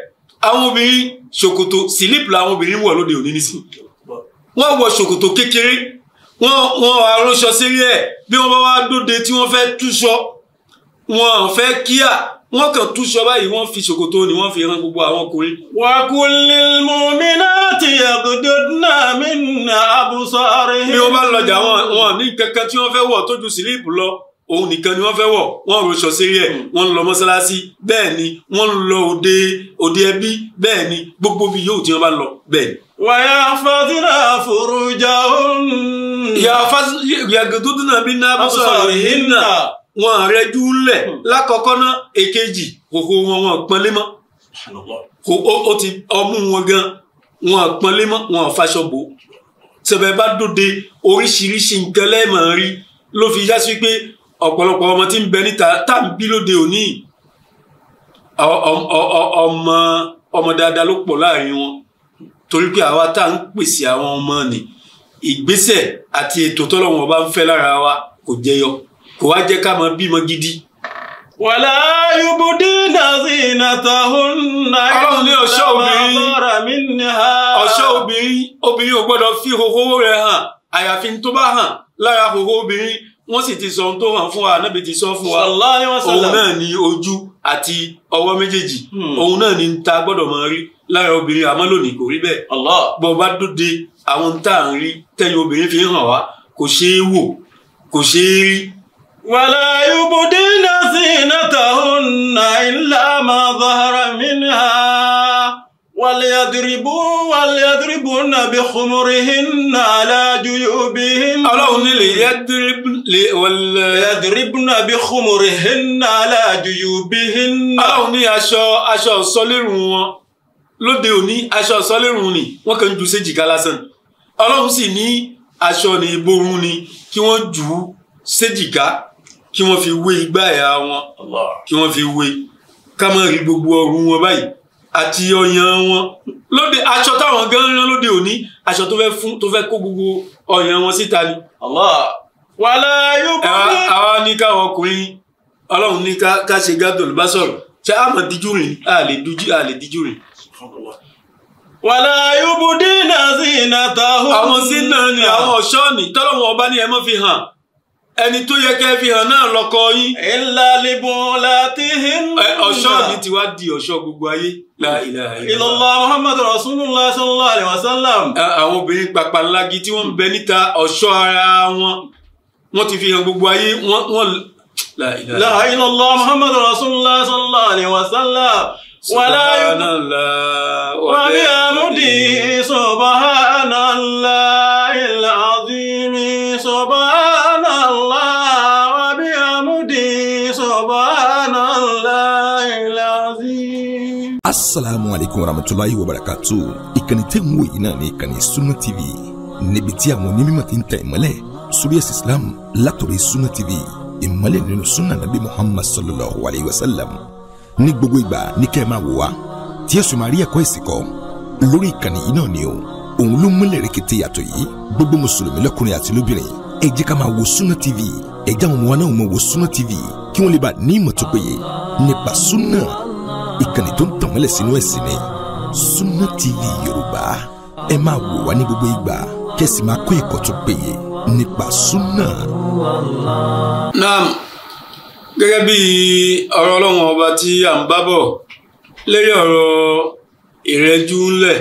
àwọn obìnrin ṣòkòtò sílíìpù làwọn obìnrin wọ̀ lóde òní nísìnyí wọ́n wọ ṣòkòtò kékeré wọ́n wọ́n aránṣọ sílé ẹ̀ bí wọ́n bá wá dóde tí wọ́n fẹ́ túṣọ wọ́n fẹ́ kíá wọ́n kàn túṣọ báyìí wọ́n fi ṣòkòtò ni wọ́n fi hàn gbogbo àwọn ọkùnrin. wa kullil mu'minati yaghdudna min absarihinna. bí wọ́n bá lọjà wọn ní kankan tí wọ́n fẹ́ wọ̀ tójú sílíìpù lọ òun nìkan ni wọ́n fẹ́ wọ̀ wọ́n rọṣọ sírí ẹ̀ hmm. wọ́n ń lọ mọ́sálásí bẹ́ẹ̀ ni wọ́n ń lọ òde òde ẹbí bẹ́ẹ̀ ni gbogbo bí yóò tí wọ́n bá lọ bẹ́ẹ̀ ni. wàyà fàdúrà fòrújà òun. yàgòdúdúnà bí náà bó sọ̀rọ̀ yìí nà wọn rẹjú lẹ̀ hmm. lákọ̀ọ́kọ́ náà èkejì kòkó wọn wọn pọ́nlé mọ́ ó ti ọmú wọn gan wọn pọ́nlé mọ́ wọn faṣọ bò sẹ̀bẹ̀ bá dòde oríṣiríṣi nǹkan lẹ́ẹ̀mọ̀ rí ló fi yá sí pé ọ̀pọ̀lọpọ̀ ọmọ tí ń bẹ níta tá ń bí lóde òní ọmọ ọmọ dáadáa ló pọ̀ láàrin wọn torí pé àwa tá ń pèsè àwọn ọmọ nì ìgbésẹ̀ àti ètò tọ́lọ́wọ́n bá ń fẹ́ lára wa kò jẹyọ kò wá jẹ́ ká mọ bímọ gidi. wàlá yubudi nàzi nàtàhùn náà ọlọ́run ní ọ̀ṣọ́ obìnrin ọ̀ṣọ́ obìnrin obìnrin ò gbọ́dọ̀ fi hòhò rẹ̀ hàn àyàfi tó bá hàn lára hòhò obìnrin wọ́n sì ti sọ ohun tó hàn fún wa anábì ti sọ fún wa òun náà ni ojú àti ọwọ́ méjèèjì hmm. òun náà ni ta gbọ́dọ̀ máa rí lára obìnrin àmọ́ lónìí kò rí bẹ́ẹ̀ bọ́ bá àwọn tá à ń rí tẹ́yìn obìnrin fi hàn wá kò ṣeé wò kò ṣeé rí. wàlá yóò bó dín náà tàhún náà ìlà máa bá mi ní wàlẹ́yàdìrìbù wàlẹ́yàdìrìbù nàbí xumurihin nàlájúyòbihin. ọlọ́run ní lèyàdìrìbù nàbí xumurihin nàlájúyòbihin. ọlọ́run ní aṣọ aṣọ sọlẹ́rùn wọn lóde òní aṣọ sọlẹ́rùn ni wọ́n kàn ń ju séjìká lásán ọlọ́run sì ní aṣọ ni ìborun ni kí wọ́n jù ú séjìká kí wọ́n fi wé igbá ẹ̀yà wọn kí wọ́n fi wé ká má rí gbogbo ọrùn wọn báyìí àti ọyàn wọn lóde aṣọ táwọn gan rán lóde òní aṣọ tó fẹ́ fún tó fẹ́ kó gbogbo ọyàn wọn síta ni. wàhálà yóò bọ́ mi. àwa ní káwọn ọkùnrin ọlọ́run ní ká ṣe gádùn ló bá sọ̀rọ̀ ṣé àmọ̀ díjú rìn a lè díjú a lè díjú rìn. wàhálà yóò bọ́ dínà sí ìnàtà. àwọn sínú ni ah. àwọn ọ̀ṣọ́ ni tọ́lọ́wọ́n ọba ni ẹ mọ́ fi hàn ẹni tó yẹ kẹ́ fi hàn náà lọ́kọ yín. illa libulatihinna. ọ̀ṣọ́ mi ti wá di ọ̀ṣọ́ gbogbo ayé. la ilaha illallah muhammadu rasulullah sallallahu alayhi wa sallam. àwọn obìnrin pàpàlagi tí wọ́n ń bẹ níta ọ̀ṣọ́ ara wọn wọ́n ti fi hàn gbogbo ayé wọ́n. la ilaha illallah muhammadu rasulullah sallallahu alayhi wa sallam. wàlá yóò wà ní àmúdì subhanallah. asalaamualeykum warahmatulahi wabarakatu ìkànnì tẹ́ ń wò yìí náà ní ìkànnì suna TV níbi tí àwọn onímọ̀ ti ń ta ìmọ́lẹ̀ sórí ẹ̀sìn Islam látọ̀rọ̀ Sunna TV ìmọ́lẹ̀ nínú sunna nabi Muhammad sallallahu alayhi wa sallam ní gbogbo ìgbà ní kẹ́ ẹ máa wò wá tí ẹ sì máa rí ẹ̀kọ́ ẹ̀sìn kọ́ lórí ìkànnì yìí náà ni o òun ló múlẹ̀ rẹ̀kẹ̀tẹ̀ yàtọ̀ yìí gbogbo mùsùlùmí lọ́kùnrin àti lóbìnrin ẹ jẹ́ ká máa wo Sunna TV ẹ jẹ́ àwọn ọmọ wa náà máa wo Sunna TV kí wọ́n lè bá ní ìmọ̀ tó péye nípa sunna ìkànnì tó ń tàn mọ́lẹ̀ sínú ẹ̀sìn ni Sunna TV Yorùbá ẹ máa wò wá ní gbogbo ìgbà kẹ́sì máa kó ẹ̀kọ́ tó péye nípa Sunna. naam gẹ́gẹ́ bí ọ̀rọ̀ ọlọ́run ọba tí à ń bá bọ̀ lórí ọ̀rọ̀ ìrẹ́jú ńlẹ̀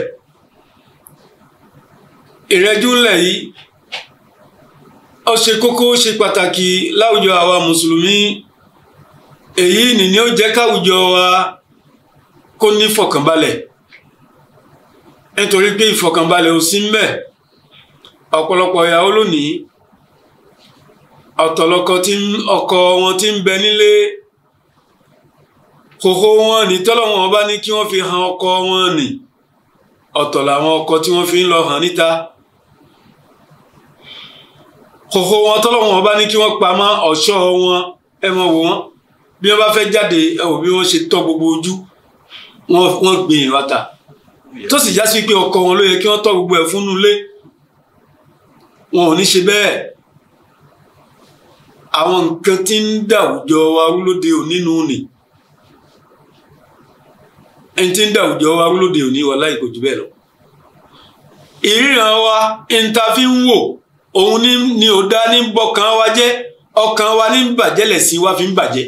ìrẹ́jú ńlẹ̀ yìí ó ṣe kókó ṣe pàtàkì láwùjọ àwa mùsùlùmí èyí nìní ó jẹ́ káwùjọ wa kó ní ìfọ̀kànbalẹ̀ nítorí pé ìfọ̀kànbalẹ̀ ò sí mbẹ̀ ọ̀pọ̀lọpọ̀ ìyàwó lónìí ọ̀tọ̀lọ́kọ tí ọkọ wọn ti ń bẹ nílé kókó wọn ní tọ́lọ́wọ́n bá ní kí wọ́n fi han ọkọ wọn nì ọ̀tọ̀ làwọn ọkọ tí wọ́n fi ń lọ hàn níta kókó wọn tọ́lọ́wọ́n bá ní kí wọ́n pamọ́ ọ̀ṣọ́ wọn ẹ mọ̀ wò wọ́n bí wọ́n bá fẹ́ jáde ẹ wò bí wọ́n ṣe tọ́ gbogbo ojú wọ́n gbé yẹn wá ta tó sì já sí pé ọkọ wọn ló yẹ kí wọ́n tọ́ gbogbo ẹ̀ fún nulẹ̀ wọn ò ní ṣe bẹ́ẹ̀ àwọn nǹkan tí ń dàwùjọ wa rúlóde òní nù ní ẹni tí ń dàwùjọ wa òní wa láì kò bẹ́ẹ̀ lọ ìríran wa níta fi ń wò òun ni ò dá ní bọkàn wa jẹ́ ọkàn wa ní bàjẹ́ lẹ̀sìn wa fi ń bàjẹ́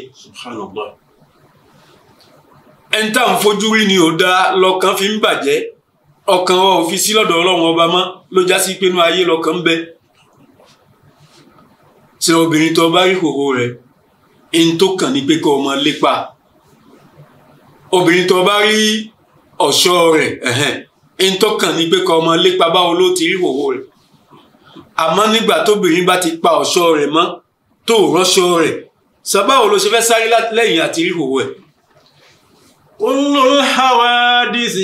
ẹni tá à ń fojú rí ni ò dáa lọ́kàn fi ń bàjẹ́ ọkàn wa ò fi sí lọ́dọ̀ ọlọ́run ọba mọ́ ló já sí pé inú ayé lọ́kàn ń bẹ ṣe obìnrin tó bá rí hòhò rẹ̀ ń tó kàn ní pé kó ọmọ lépa obìnrin tó bá rí ọ̀ṣọ́ rẹ̀ ń tó kàn ní pé kó ọmọ lépa báwo ló ti rí hòhò rẹ̀ àmọ́ nígbà tóbìnrin bá ti pa ọ̀ṣọ́ rẹ̀ mọ́ tó rọ́ṣọ́ rẹ̀ sábà wo ló ṣe fẹ́ sáré lẹ́yìn àti rí ẹ̀ كل الحوادث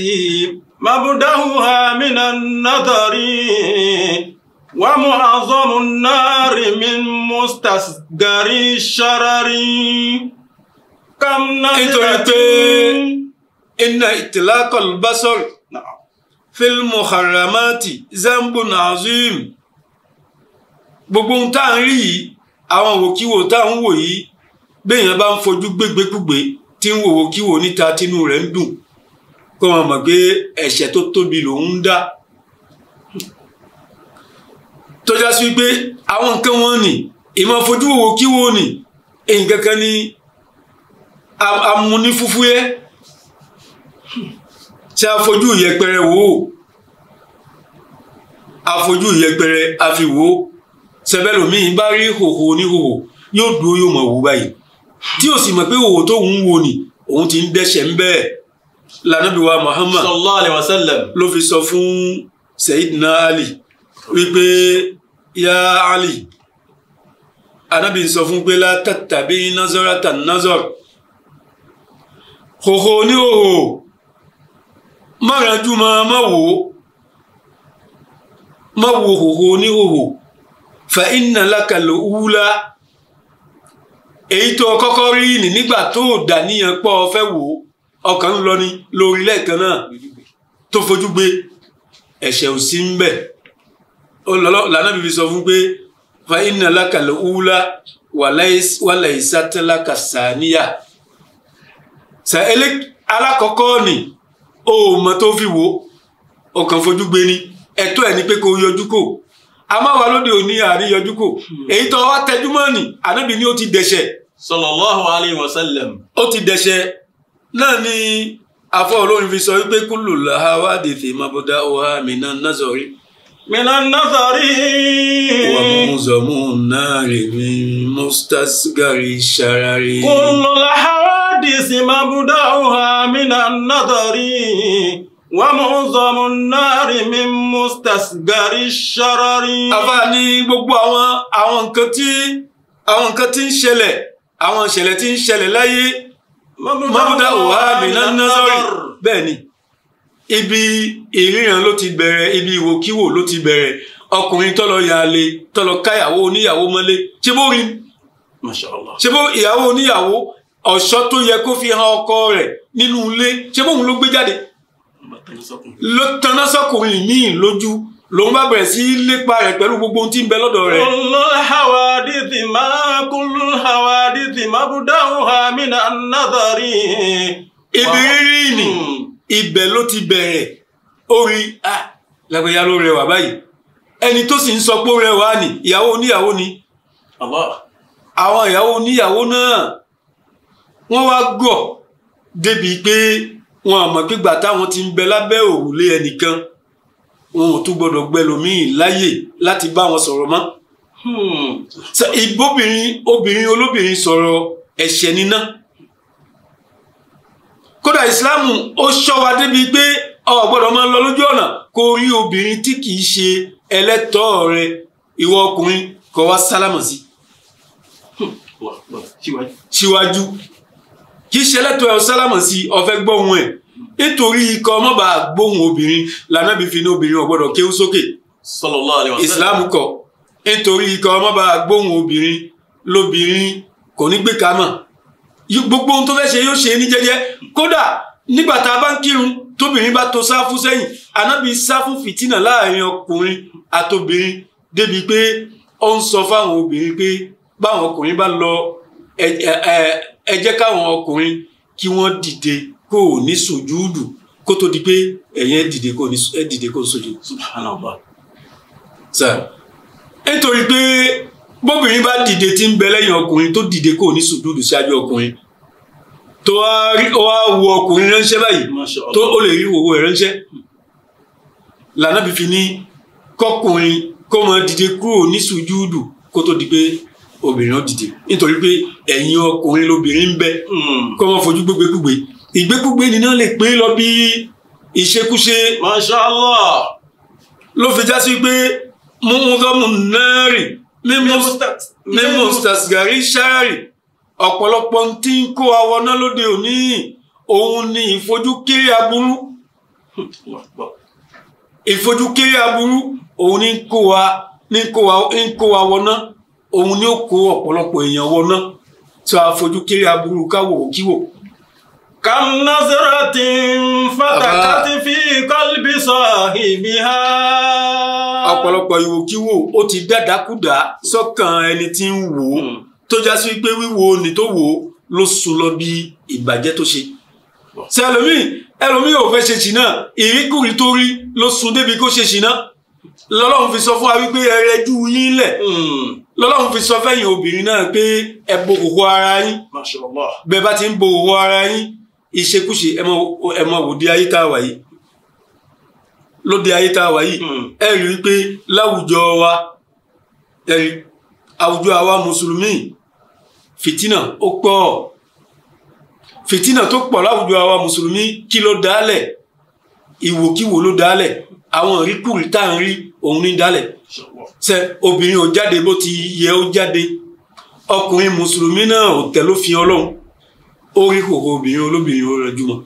مبدأها من النظر ومعظم النار من مستصغر الشرر كم نظرة إن إطلاق البصر في المحرمات ذنب عظيم gbogbo ohun tá à ń rí yìí àwọn òwòkíwò tá ń wò yìí béèyàn bá ń fojú gbégbégbùgbé tí ń wòwò kíwò níta tínú rẹ̀ ń dùn kó wọn mọ̀ pé ẹ̀ṣẹ̀ tó tóbi lòun ń dá tó sí pé àwọn nǹkan wọn nì ìmọ̀ fojú wòwò kíwò nì nǹkan kan ní amúnífúfúyẹ́ tí a fojú yẹpẹrẹ wò ó a yẹpẹrẹ a fi wò ó sẹbẹ́lòmíì bá rí hòhò oníhòhò yóò dúró yóò mọ̀ wò báyìí tí o sì mọ̀ pé òwò tó ń wo ni òun ti ń dẹ́ṣẹ̀ ń bẹ́ẹ̀ lànàbíwá Muhammad sallallahu alayhi wa sallam ló fi sọ fún Sayyidina Ali wípé ya Ali anabi sọ fún pé látàtàbí nazarata nazar hòhò ní hòhò mọ́ranjú ma má wò má wò hòhò ní hòhò fa inna laka l'ula èyí tó kọ́kọ́ rí ni nígbà tó dàníyàn pọ̀ fẹ́ wò ó ọkàn ń lọ ni lórí lẹ́ẹ̀kan náà tó fojú gbé ẹ̀ṣẹ̀ ò sí ń bẹ̀ lànà bíbí sọ fún pé fa inna laka wàlẹ̀ ìsátẹ́láka sàníyà sà ẹlẹ́ alákọ̀ọ́kọ́ ni ó mọ tó fi wò ó ọkàn fojú gbé ni ẹ̀tọ́ ẹ̀ ni pé kó yọjú kò a máa wà lóde òní àríyànjú kò èyí tó wá tẹjú mọ́ ni ànábì ni ó ti dẹ̀ṣẹ̀. sallallahu alayhi wa sallam. ó ti dẹ̀ṣẹ̀ náà ni afọ olórin fi sọ wípé kúlù làwádìí fi mabuda wa mina nazari. mina nazari. wà mùsọ̀mù náà rè mí mustasgari sharari. kúlù làwádìí fi mabuda wa mina nazari wàmúzọmù náàrí mi mustasgari ṣarari. afa ni gbogbo àwọn àwọn nǹkan tí àwọn nǹkan tí ń ṣẹlẹ̀ àwọn ìṣẹ̀lẹ̀ tí ń ṣẹlẹ̀ ibi ìríran ló ti bẹ̀rẹ̀ ibi ìwòkíwò ló ti bẹ̀rẹ̀ ọkùnrin tọ́lọ yàlé tọ́lọ káyàwó oníyàwó mọ́lé ṣé bó rí Masha Allah ṣé bó ìyàwó oníyàwó ọ̀ṣọ́ tó yẹ kó fi hàn ọkọ rẹ̀ nínú ilé ṣé bóun ló gbé jáde ló tanná sọkùnrin míì lójú lòun bá bẹ̀rẹ̀ sí lépa rẹ̀ pẹ̀lú gbogbo ohun tí ń bẹ lọ́dọ̀ rẹ̀. olùhàwà dìtì máa kúlù hàwà dìtì máa bú dáhùn àmì nàdàrí. ibi rírì ni ibẹ̀ ló ti bẹ̀rẹ̀ orí a lágbèyà ló rẹwà báyìí ẹni tó sì ń sọ pé ó rẹwà ni ìyàwó oníyàwó ni àwọn ìyàwó oníyàwó náà wọ́n wá gọ̀ débi pé wọn àmọ́ pígbà táwọn ti ń bẹ lábẹ́ òrùlé ẹnìkan wọn ò tún gbọdọ̀ gbẹlòmíì láyè láti bá wọn sọ̀rọ̀ mọ́ hmm. ìbóbìnrin obìnrin olóbìnrin sọ̀rọ̀ ẹ̀ṣẹ̀ níná kódà ìsìláàmù ó ṣọ́ wa débi pé o gbọ́dọ̀ máa lọ lójú ọ̀nà kó rí obìnrin tí kìí ṣe ẹlẹ́tọ̀ọ́ rẹ ìwọ ọkùnrin kó wá sálámù sí hmm. síwájú kì í ṣe lẹ́tọ̀ ẹ̀ sálámọ̀ sí ọ̀fẹ́ gbóhùn ẹ̀ nítorí ikọ̀ mọ́ba gbóhùn obìnrin lànàbí fi ní obìnrin ọ̀gbọ́dọ̀ kéwú sókè ìsìlámù kọ̀ nítorí ikọ̀ mọ́ba gbóhùn obìnrin lóbìnrin kò ní gbé kámọ̀ gbogbo ohun tó fẹ́ ṣe yóò ṣe ní jẹ́jẹ́ kódà nígbà tá a bá ń kírun tóbìnrin bá to sáfù sẹ́yìn ànábì sáfù fìtínà láàrin ọkùnrin àtobìnrin débi pé ó ń sọ fáwọn obìnrin pé báwọn ọkùnrin bá lọ ẹ jẹ́ káwọn ọkùnrin kí wọ́n dìde kó o ní sùjúùdù kó tó di pé ẹ̀yin ẹ dìde kó ẹ dìde kó sojú subhanallah sir nítorí pé bóbìnrin bá dìde tí ń bẹ lẹ́yìn ọkùnrin tó dìde kó ní sùjúùdù ṣáájú ọkùnrin tó wá wo ọkùnrin ránṣẹ́ báyìí tó o lè rí wòwò ẹ̀ ránṣẹ́ lànà bí fi ní kọkùnrin kó máa dìde kúrò ní sùjúùdù kó tó di pé obìnrin ó dìde nítorí pé ẹ̀yin ọkùnrin lobìnrin ń bẹ hmm. kọ́ wọ́n fojú gbégbégbé ìgbégbégbé ni náà lè pé lọ bí ìṣekúṣe Masha Allah ló fi já sí pé múmúdọ́mù náírì mímú stasgari ṣáárì ọ̀pọ̀lọpọ̀ tí ń kó awọ náà lóde òní òun ni ìfojúkéré aburú ìfojúkéré aburú òun ni ń kó wa ní kó wa wọná òun ni ó kó ọ̀pọ̀lọpọ̀ èèyàn wọná tó a fojú kéré aburú káwò kíwò. kam nazratin fatakati fi qalbi sahibiha. ọ̀pọ̀lọpọ̀ ìwòkíwò ó ti dàdákúdà sọ́kàn ẹni tí ń wò ó hmm. tó já sí pé wíwo ni tó wò ó ló sùn lọ bí ìbàjẹ́ tó ṣe. ṣe ẹlòmíì ò fẹ́ ṣe ṣìnà ìríkùrí tó rí ló sùn débi kó ṣe ṣìnà lọ́lọ́run fi sọ fún wa wípé ẹrẹ́jú yín lẹ̀. Hmm lọ́lọ́run fi sọ fẹ́yìn obìnrin náà pé ẹ bo kòkó ara yín bẹ́ẹ̀ bá ti ń bo kòkó ara yín ìṣekúṣe ẹ mọ òde ayé tá a wà yìí lóde ayé tá a wà yìí hmm. ẹ rí i pé láwùjọ wa ẹ rí àwùjọ àwa mùsùlùmí fìtínà ó pọ̀ fìtínà tó pọ̀ láwùjọ àwa mùsùlùmí kí ló dálẹ̀ ìwòkíwò ló dálẹ̀ àwọn ìríkùrí tá à ń rí òun ní dálẹ̀ ṣe obìnrin ò jáde bó ti yẹ ó jáde ọkùnrin mùsùlùmí náà ò tẹ̀ ló fi ọlọ́run ó rí kòkó obìnrin olóbìnrin ó rẹ̀ jùmọ̀.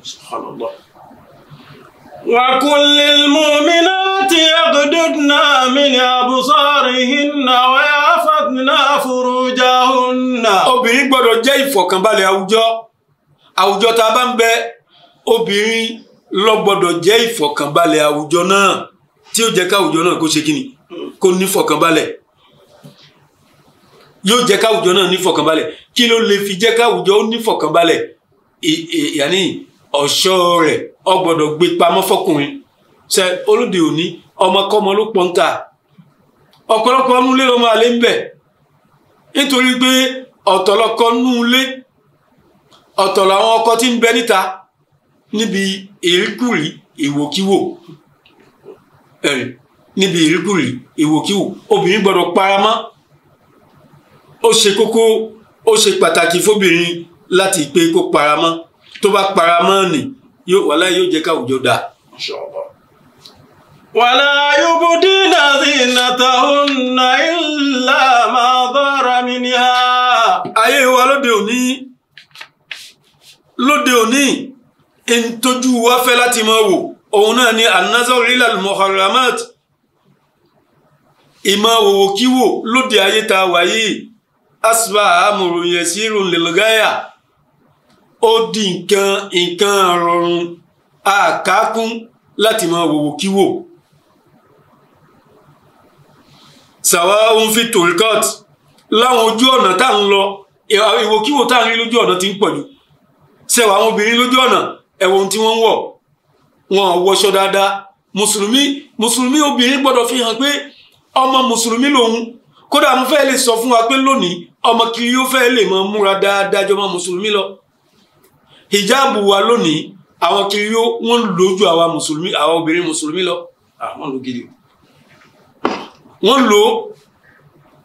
وكل المؤمنات يغضضن من أبصارهن ويحفظن فروجهن. obìnrin gbọ́dọ̀ jẹ́ ìfọ̀kànbalẹ̀ àwùjọ àwùjọ tá a bá ń bẹ obìnrin ló gbọ́dọ̀ jẹ́ ìfọ̀kànbalẹ̀ àwùjọ náà tí ó jẹ́ káwùjọ náà kó ṣe kí ni kó nífọ̀kànbalẹ̀ yóò jẹ́ káwùjọ náà nífọ̀kànbalẹ̀ kí ló lè fi jẹ́ káwùjọ ó nífọ̀kànbalẹ̀ yàní ọ̀ṣọ́ rẹ̀ ó gbọ́dọ̀ gbé pamọ́ fọkùnrin ṣe olóde òní ọmọkọ́mọ ló pọ̀ ń ta ọ̀pọ̀lọpọ̀ nulẹ̀ lọ́mọ alẹ́ ń bẹ̀ nítorí pé ọ̀tọ̀lọ́kọ nulẹ̀ ọ̀tọ̀lọ́ àwọn ọkọ tí ń bẹ níta níbi èríkùrí ìwòkíwò ẹ̀rì níbi ìríkùrí ìwòkíwò obìnrin gbọ́dọ̀ paramọ́ ó ṣe kókó ó ṣe pàtàkì fóbìnrin láti pé kó paramọ́ tó bá paramọ́ nì yóò wàhálà yóò jẹ́ káwùjọ dà. wàlá yubdina zinatahunna illa ma dhara minha. ayé wa lóde òní lóde òní ntójú wa fẹ́ láti máa wò òun náà ni anazar ilal muharramat ìmọ̀ òwò kíwò lóde ayé ta wáyé asba amòrò yẹn sí irun lèlgáyà ó di nǹkan nǹkan rọrùn àkákún láti máa wòwò kíwò sàwa ohun fi tòríkọ́t láwọn ojú ọ̀nà tá à ń lọ ìwòkíwò tá à ń rí lójú ọ̀nà ti ń pọ̀jù sẹwà àwọn obìnrin lójú ọ̀nà ẹ̀wọ̀n ohun tí wọ́n ń wọ̀ wọn ò wọṣọ dáadáa mùsùlùmí mùsùlùmí obìnrin gbọ́dọ̀ fi hàn pé ọmọ mùsùlùmí lòun kódà mo fẹ́ lè sọ fún wa pé lónìí ọmọ kiri ó fẹ́ lè máa múra dáadáa jọmọ mùsùlùmí lọ hijabu wa lónìí àwọn kiri ó wọ́n lójú àwa mùsùlùmí àwa obìnrin mùsùlùmí lọ àwọn ló gidi wọ́n lò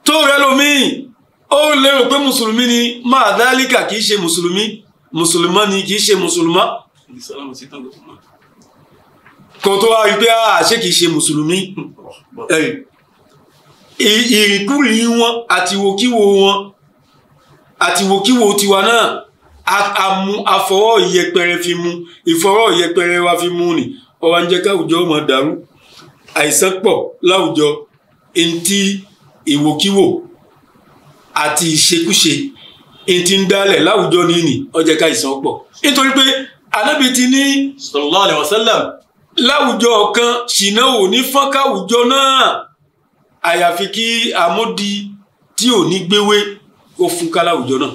tó rẹ lómii ó lérò pé mùsùlùmí ni máa dálíkà kì í ṣe mùsùlùmí mùsùlùmá ni kì í ṣe mùsùlùmá ìsọlọ́mù sí tó lókun náà. kò tó wá rí pé àṣé ah, kìí ṣe mùsùlùmí ìrìnkúrì wọn àtiwòkíwò wọn àtiwòkíwò tiwa náà àmú àfọwọ́ ìyẹpẹrẹ fi mu ìfọwọ́ ìyẹpẹrẹ wa fi mu ni ọba ń jẹ́ káwùjọ máa dàrú àìsàn pọ̀ láwùjọ ntí ìwòkíwò àti ìṣekúṣe ntí ń dálẹ̀ láwùjọ nìyí ọjẹ́ káìsàn pọ̀ nítorí pé anábì ti ní sallallahu alaihi wasallam láwùjọ kan ṣìnà ò ní fọ́n káwùjọ náà àyàfi kí amódi tí ò ní gbéwé kó fún ká láwùjọ náà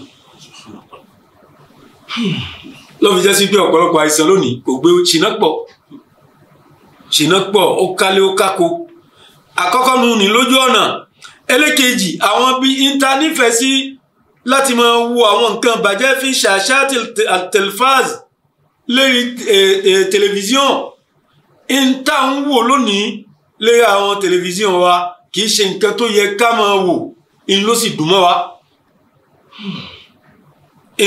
lọ́fi jẹ́ sí pé ọ̀pọ̀lọpọ̀ àìsàn lónìí kò gbé ṣìnà pọ̀ ṣìnà pọ̀ ó kálé ó kákó àkọ́kọ́ nu ní lójú ọ̀nà ẹlẹ́kejì àwọn bíi intanifẹ̀ sí láti máa wo àwọn nǹkan bàjẹ́ fi ṣàṣà tẹlifáàsì lérí tẹlifíṣàn ń tà ń wò lónìí lérí àwọn tẹlifíṣàn wa kì í ṣe nǹkan tó yẹ ká máa wò ń ló sì dùn mọ́ wa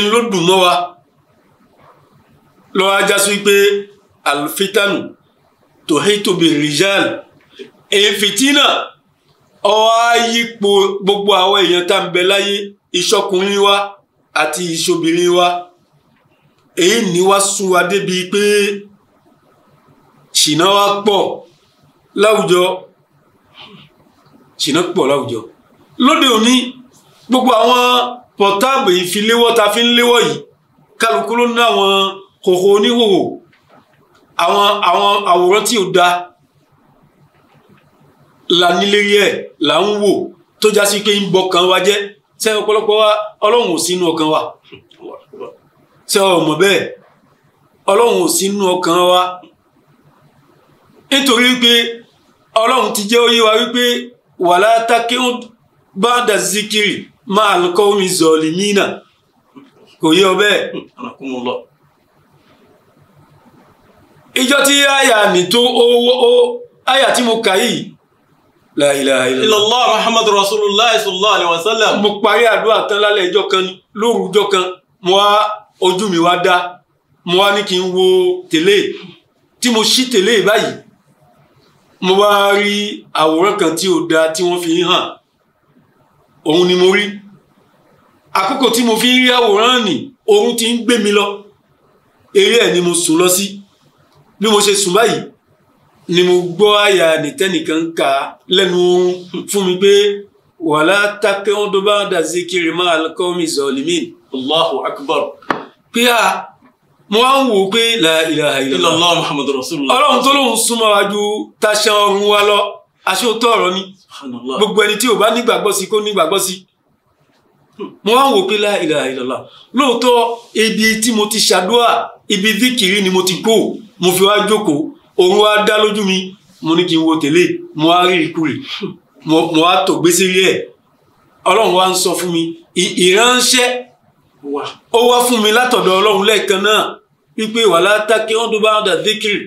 ń ló dùn mọ́ wa lọ́wọ́ ajá sí pé alfitanu tòhétòbí rìjàl èyí fìtínà ọwọ́ ayípo gbogbo àwọn èèyàn tá ń bẹ láyé ìṣọkùnrin wa àti ìṣobìnrin wa èyí ni wá sún wa débi pé ṣìnà wa pọ̀ láwùjọ ṣìnà pọ̀ láwùjọ lóde òní gbogbo àwọn pọ̀táàbù ìfiléwọ́ ta fi ń léwọ́ yìí kálukú ló ní àwọn kòkó oníhòòhò àwọn àwọn àwòrán tí ò da là nílérí ẹ̀ là ń wò tó já sí pé ń bọkàn wa jẹ́ sẹ́yìn ọ̀pọ̀lọpọ̀ wa ọlọ́run ò sínú ọkàn wa tẹ ọ mọ̀ bẹ́ẹ̀ ọlọ́run ò sí nínú ọkàn wa nítorí pé ọlọ́run ti jẹ́ oyé wa wípé wàlá tákéwọ́n bá dà zikiri máa lọ́kọ́ omi zọ̀ọ̀lì mínà kò yé ọ bẹ́ẹ̀ ìjọ tí àyà mi tó owó àyà tí mo kà yìí la muhammadu rasulullah sallallahu alaihi wasallam mo parí àdúrà tán lálẹ́ ìjọ kan lóru ìjọ kan mo wá ojú mi wá dá mo wá ní kí n wo télé tí mo ṣí télé báyìí mo wá rí àwòrán kan tí ò da tí wọ́n fi ń hàn òun ni mo rí àkókò tí mo fi ń rí àwòrán nì òun ti ń gbé mi lọ eré ẹ̀ ni mo sùn lọ sí bí mo ṣe sùn báyìí ni mo gbọ́ àyà nìtẹ́nìkan kà á lẹ́nu fún mi pé wàhálà takẹ́ wọn tó bá dà sí kiri máa kọ́ mi zọ̀ọ́lì Allahu akbar pé à mo wá ń wò ó pé la ilaha illallah muhammadu rasulullah ọlọ́run tó lóun súnmọ́ wa ju taṣan ọrùn wa lọ aṣóòótọ́ ọ̀rọ̀ ni gbogbo ẹni tí ò bá nígbàgbọ́ sí kó nígbàgbọ́ sí mo wá ń wò pé la ilaha illallah lóòótọ́ ibi tí mo ti ṣàdúrà ibi díkìrì ni mo ti kó mo fi wá jókòó òun wá dá lójú mi mo ní kí n wo tẹ̀lé mo wá rí ìkúrè mo wá tò gbèsè rí ẹ̀ ọlọ́run wá ń sọ fún mi ìránṣẹ́ ó wá fún mi látọ̀dọ̀ ọlọ́run lẹ́ẹ̀kan náà wípé wàhálà tákì ọdún bá dà dékìrì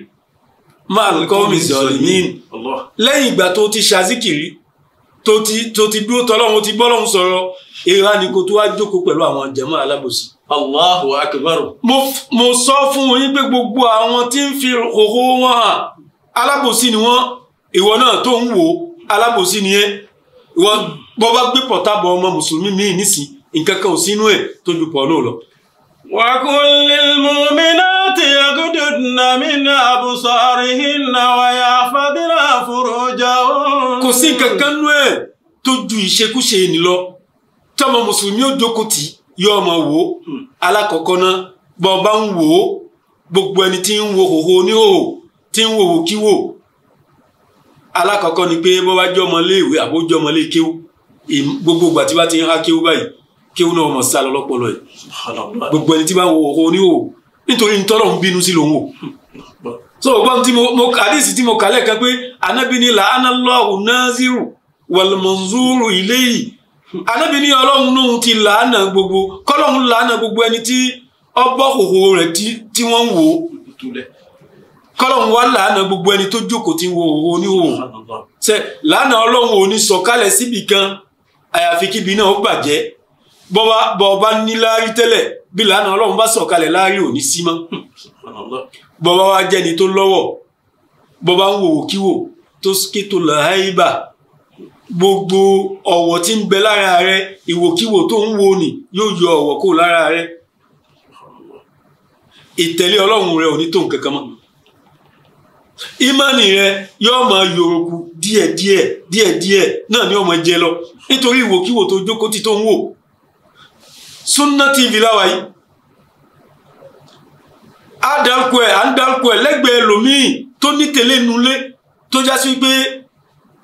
máa kọ́ mi zọ̀lìmín lẹ́yìn ìgbà tó ti ṣazíkìrì tó ti tó ti dúró tọ́lọ́run ti bọ́lọ́run sọ̀rọ̀ ìhà ni kò tó wá jókòó pẹ̀lú àwọn jàmá alábòsí. Allahu akbar. mo sọ fún yín pé gbogbo àwọn tí ń fi òkú wọn hàn alábòsí ni wọn ìwọ náà tó ń wò alábòsí ni ẹ ìwọ bọ́ bá gbé pọ̀tábọ̀ ọmọ mùsùlùmí míì nísìnyí nǹkan kan ò sínú ẹ̀ tó ju pọ̀ náà lọ. وقل للمؤمنات يغضضن من أبصارهن ويحفظن فروجهن. kò sí nǹkan kan nú ẹ̀ tó ju ìṣekúṣe ni lọ tọmọ mùsùlùmí ó jókòó tì yọ ọmọ wò ó hmm. alákọ̀ọ́kọ́ náà bọ́ ọba ń wò ó gbogbo ẹni tí ń wo hòhò oníhòhò tí ń wo wòkíwò alákọ̀ọ́kọ́ ni pé bọ́ bá jọ́ ọmọ àbójọ́ ọmọ gbogbo ìgbà tí bá ti ń há kéwò báyìí kéwú náà mọ̀ sálọ lọ́pọlọ ẹ̀ gbogbo ẹni tí bá wo òhun ní o nítorí ntọ́lọ̀ ń bínú sí lòun o so gbọ́n tí mo àdéhìsì tí mo kà lẹ́ẹ̀kan pé anábì ní là ánálọ́ọ̀hù náàzírù wàlmọ̀nzúrù ilé yìí anábì ní ọlọ́run náà ti làánà gbogbo kọ́lọ́run làánà gbogbo ẹni tí ọgbọ́ òhò rẹ̀ tí wọ́n ń wò ó kọ́lọ́run wá làánà gbogbo ẹni tó jókòó tí ń wo òhò oníhò ṣe làánà ọlọ́run ò ní sọ̀kalẹ̀ síbì kan àyàfi kíbi náà ó bàjẹ́ bọba bọ́ba ní láárí tẹ́lẹ̀ bí lànà ọlọ́run bá sọkalẹ láárí òní sí mọ́ wa jẹni tó lọ́wọ́ bọ́ba ń wòwò kíwò tó ké tó làáìbà gbogbo ọ̀wọ̀ tí ń bẹ lára rẹ ìwòkíwò tó ń wo ni yóò yọ ọ̀wọ̀ kó lára rẹ ìtẹ̀lé ọlọ́run rẹ ò ní tó nǹkan kan mọ́ ìmánì rẹ yóò máa yòròkù díẹ̀díẹ̀ díẹ̀díẹ̀ náà ni ọmọ jẹ lọ nítorí ìwòkíwò tó jókòó tì tó ń wò. Sunna TV láwa yìí á dárúkọ ẹ̀ à ń dárúkọ ẹ̀ lẹ́gbẹ̀ẹ́ ẹlòmíì tó ní tẹ̀lé nulẹ̀ tó já sí pé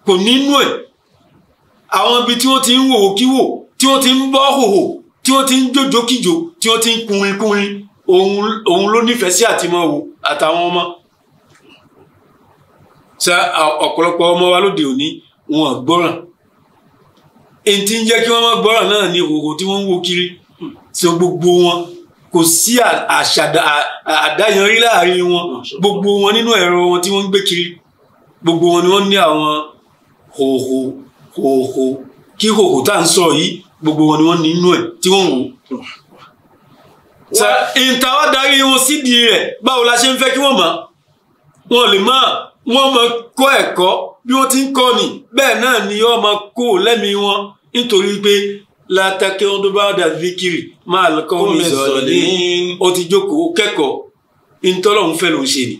kò nínú ẹ̀ àwọn ibi tí wọ́n ti ń wòwò kíwò tí wọ́n ti ń bọ́ hòhò tí wọ́n ti ń jòjò kíjò tí wọ́n ti ń kunrin kunrin òun ló nífẹ̀ẹ́ sí àtìmọ́wò àtàwọn ọmọ ṣe ọ̀pọ̀lọpọ̀ ọmọ wa lóde òní wọn gbọ́ràn èyí ń jẹ́ kí wọ́n má gbọ́ràn náà ni hòhò tí wọ́n wo kiri so gbogbo wọn kò sí àṣà àdáyanrí láàrin wọn gbogbo wọn nínú ẹ̀rọ wọn tí wọ́n ń gbé kiri gbogbo wọn ni wọ́n ní àwọn hòhò hòhò kí hòhò tá à ń sọ yìí gbogbo wọn ni wọ́n ní inú ẹ̀ tí wọ́n wò ìta wá darí wọn sídìí rẹ̀ báwo la ṣe ń fẹ́ kí wọ́n mọ̀ wọn lè máa wọ́n máa kọ́ ẹ̀kọ́ bí wọ́n ti ń kọ́ ni bẹ́ẹ̀ náà ni wọ́n máa kó lẹ́mìí wọn nítorí pé látàkẹ́ ohun tó bá dà zikiri máa lọ́kọ́ mi sọ̀rọ̀ ní o ti jókòó kẹ́kọ̀ọ́ ntọ́lọ́hún fẹ́ ló ń ṣe ni.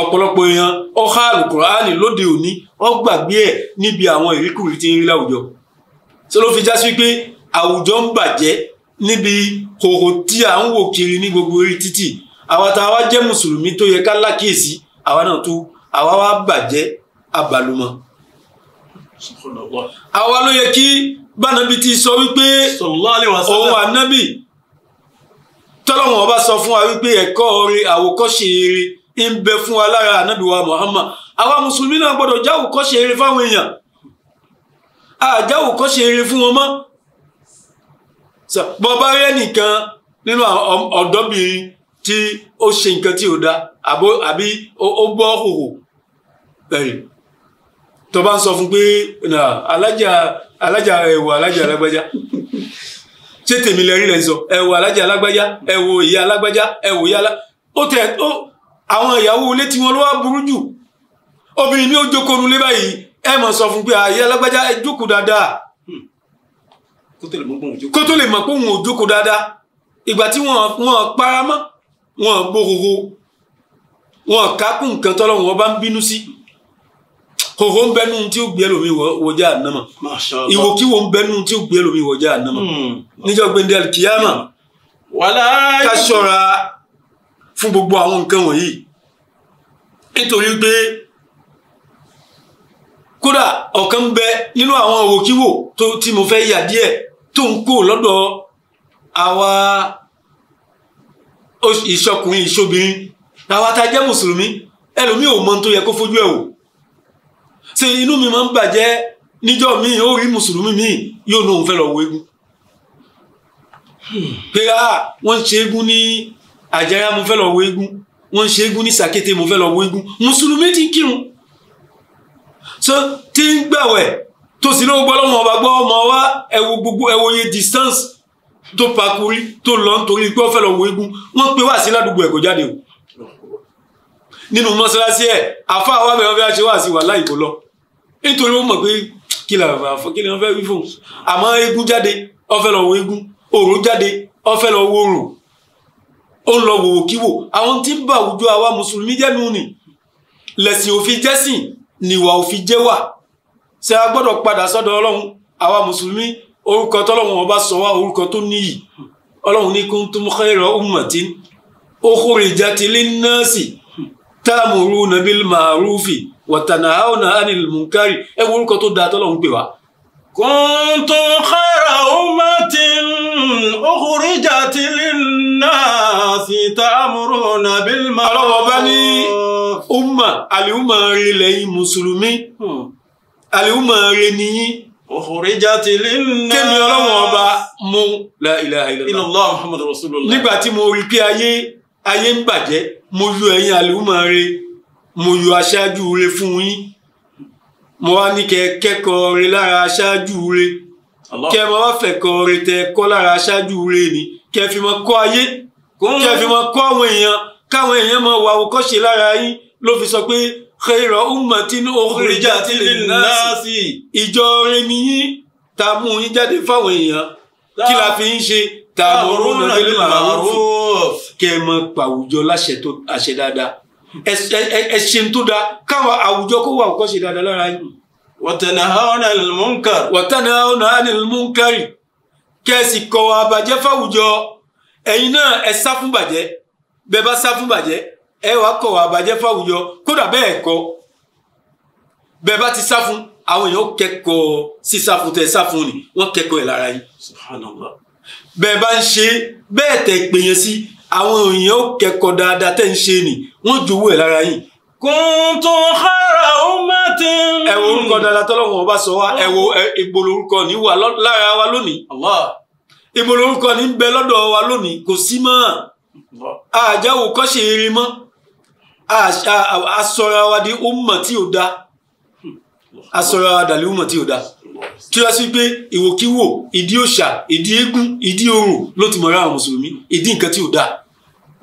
ọ̀pọ̀lọpọ̀ èèyàn ọ̀há àlùkùránì lóde òní wọ́n gbàgbé ẹ̀ níbi àwọn ìríkùrí tí ń rí láwùjọ. ṣé ló fi já sí pé àwùjọ ń bàjẹ́ níbi kòkò tí à ń wò kiri ní gbogbo orí títì àwa tá a wá jẹ́ mùsùlùmí tó yẹ ká lákìyèsí àwa náà tú àwa wá bàjẹ́ abàlùmọ̀ àwa ló yẹ kí bánabi ti sọ wípé òun ànábì tọ́lọ́wọ̀n ọba sọ fún wa wípé ẹ̀kọ́ orin àwòkọ́ṣe eré ń bẹ fún wa lára ànábì wa Muhammad àwa mùsùlùmí náà gbọ́dọ̀ jáwòkọ́ṣe eré fáwọn èèyàn àjáwòkọ́ṣe eré fún wọn mọ́ bọ́ọ̀bá rẹ́ nìkan nínú ọ̀dọ́bìnrin tí ó ṣe nǹkan tí ò da àbí ó gbọ́ hòhò ẹ̀rìn tó bá ń sọ fún pé alájà alájà ẹ̀wọ̀ alájà alágbájá ṣé tèmi lẹ́rìn lẹ́ sọ ẹ̀wọ̀ alájà alágbájá ẹ̀wọ̀ ìyá alágbájá ẹ̀wọ̀ ìyá alá ó tẹ̀ ó àwọn ìyàwó ilé tí wọn ló wá burú jù obìnrin ní ó jókòó nulẹ̀ báyìí ẹ máa sọ fún pé àyè ah, alágbájá ẹ jókòó dáadáa hmm. kó tó lè mọ̀ pé òun ò jókòó dáadáa ìgbà tí wọ́n paramọ́ wọ́n gbòòrò wọ́n kákùn nǹkan tọ́lọ́run ọba ń bínú sí. Si hoho ń bẹnu tí ó gbé ẹlòmíì wọjá ànámọ ìwòkíwò ń bẹnu tí ó gbé ẹlòmíì wọjá ànámọ hmm. níjọ́ gbẹndé alikiyama ká ṣọ́ra fún gbogbo àwọn nǹkan wọ̀nyí nítorí pé kódà ọ̀kan bẹ nínú àwọn òwòkíwò tí mo fẹ́ yà díẹ̀ tó ń kó lọ́dọ̀ àwa ìṣọkùnrin ìṣobìnrin àwa tá jẹ́ mùsùlùmí ẹlòmíì ò mọ tó yẹ kó fojú ẹ̀ wò ṣe inú mi máa ń bàjẹ́ níjọ́ mi ó rí mùsùlùmí mi yóò lóun fẹ́ lọ wo eégún pé a wọ́n ń ṣe eégún ní àjẹrà mo fẹ́ lọ wo eégún wọ́n ṣe eégún ní sàkété mo fẹ́ lọ wo eégún mùsùlùmí ti ń kírun so ti ń gbàwẹ̀ tó sì lóun gbọ́ lọ́wọ́ ọba gbọ́ ọmọ wa ẹ gbogbo ẹ wo distance tó pakuri tó lọ nítorí pé ó fẹ́ lọ wo eégún wọ́n pe wá sí ládùúgbò ẹ̀ jáde o nínú mọ́ṣáláṣí ẹ̀ àfa àwọn abẹ́rẹ́ fẹ́ ṣe wá sí wà láì kó lọ nítorí wọ́n mọ̀ pé kí ni wọ́n fẹ́ wí fún un àmọ́ eégún jáde ó fẹ́ lọ wo eégún òòrùn jáde ó fẹ́ lọ wo òòrùn ó ń lọ wòwò kíwò àwọn tí ń bá àwùjọ àwa mùsùlùmí jẹ́nu nì lẹ̀sìn òfin jẹ́sìn nìwà òfin jẹ́wà ṣe a gbọ́dọ̀ padà sọ́dọ̀ ọlọ́run àwa mùsùlùmí orúkọ tọ́lọ́run ọba sọ wá orúkọ tó níyì ọlọ́run ní kuntum khayra ummatin ukhrijat lin-nasi ta'muruna bil ma'rufi wa tanahawna 'anil munkari ẹ wo orúkọ tó da tọ́lọ̀ ń pè wá. kuntum khayra ummatin ukhrijat linnasi ta'muruna bil ma'rufi. ọlọ́wọ́ bá ní umma àlìhùmà rẹ̀ lẹ́yìn mùsùlùmí hmm. àlìhùmà rẹ̀ nìyí òhùrẹ́jà ti lè nà. kémi ọlọ́wọ́n ọba mú la ilaha illallah muhammadu rasulullah. nígbà tí mo rí pé ayé ayé ń bàjẹ́ mo yọ ẹ̀yin àlùmọ̀ re mo yọ aṣáájú re fún yín mo wá ní kẹ́ kẹ́kọ̀ọ́ re lára aṣáájú re kẹ́ mo wá fẹ̀kọ̀ọ́ re tẹ kọ́ lára aṣáájú re ni kẹ́ fi mọ kọ́ ayé kẹ́ fi mọ kọ́ àwọn èèyàn káwọn èèyàn mọ wà àwòkọ́ṣe lára yín ló fi sọ pé khayra ummatin ukhrijat lin-nasi ìjọ re ni yín tá mú yín jáde fáwọn èèyàn kí la fi ń ṣe ta'muruna bil-ma'ruf enough kẹ́ ẹ mọ pa àwùjọ láṣẹ tó àṣẹ dáadáa ẹ ṣe tó dáa káwọn àwùjọ kó wà kọ́ ṣe dáadáa lára yín. watanahawna anil munkar. watanahawna anil munkari kẹ́ ẹ sì kọ̀ àbàjẹ́ fáwùjọ ẹ̀yin náà ẹ sá fún bàjẹ́ bẹ́ẹ̀ bá sá fún bàjẹ́ ẹ wàá kọ̀ àbàjẹ́ fáwùjọ kódà bẹ́ẹ̀ kọ́ bẹ́ẹ̀ bá ti sá fún àwọn èèyàn kẹ́kọ̀ọ́ sísá fún tẹ sá fún ni wọ́n kẹ́kọ̀ọ́ ẹ̀ lára yín. subhanallah bẹ́ẹ̀ bá ń ṣe bẹ́ẹ̀ tẹ̀ pèyàn sí àwọn èèyàn ó kẹ́kọ̀ọ́ dáadáa tẹ́ ń ṣe nì wọ́n jowó ẹ̀ lára yìí. kuntum khayra ummatin. ẹ wo orúkọ dáadáa tọ́lọ́wọ́n ọba sọ wa ẹ wo ìgbòlo orúkọ ní wà lára wa lónìí. ìgbòlo orúkọ ní bẹ lọ́dọ̀ wa lónìí kò sí mọ́ àjáwò kọ́ṣe eré mọ́ àṣọra wa di umma tí ò da àṣọra wa dàlí umma tí ò da tí wọ́n sì pé ìwòkíwò ìdí òòṣà ìdí eégún ìdí orò ló ti mọ rí àwọn mùsùlùmí ìdí nǹkan tí ò dáa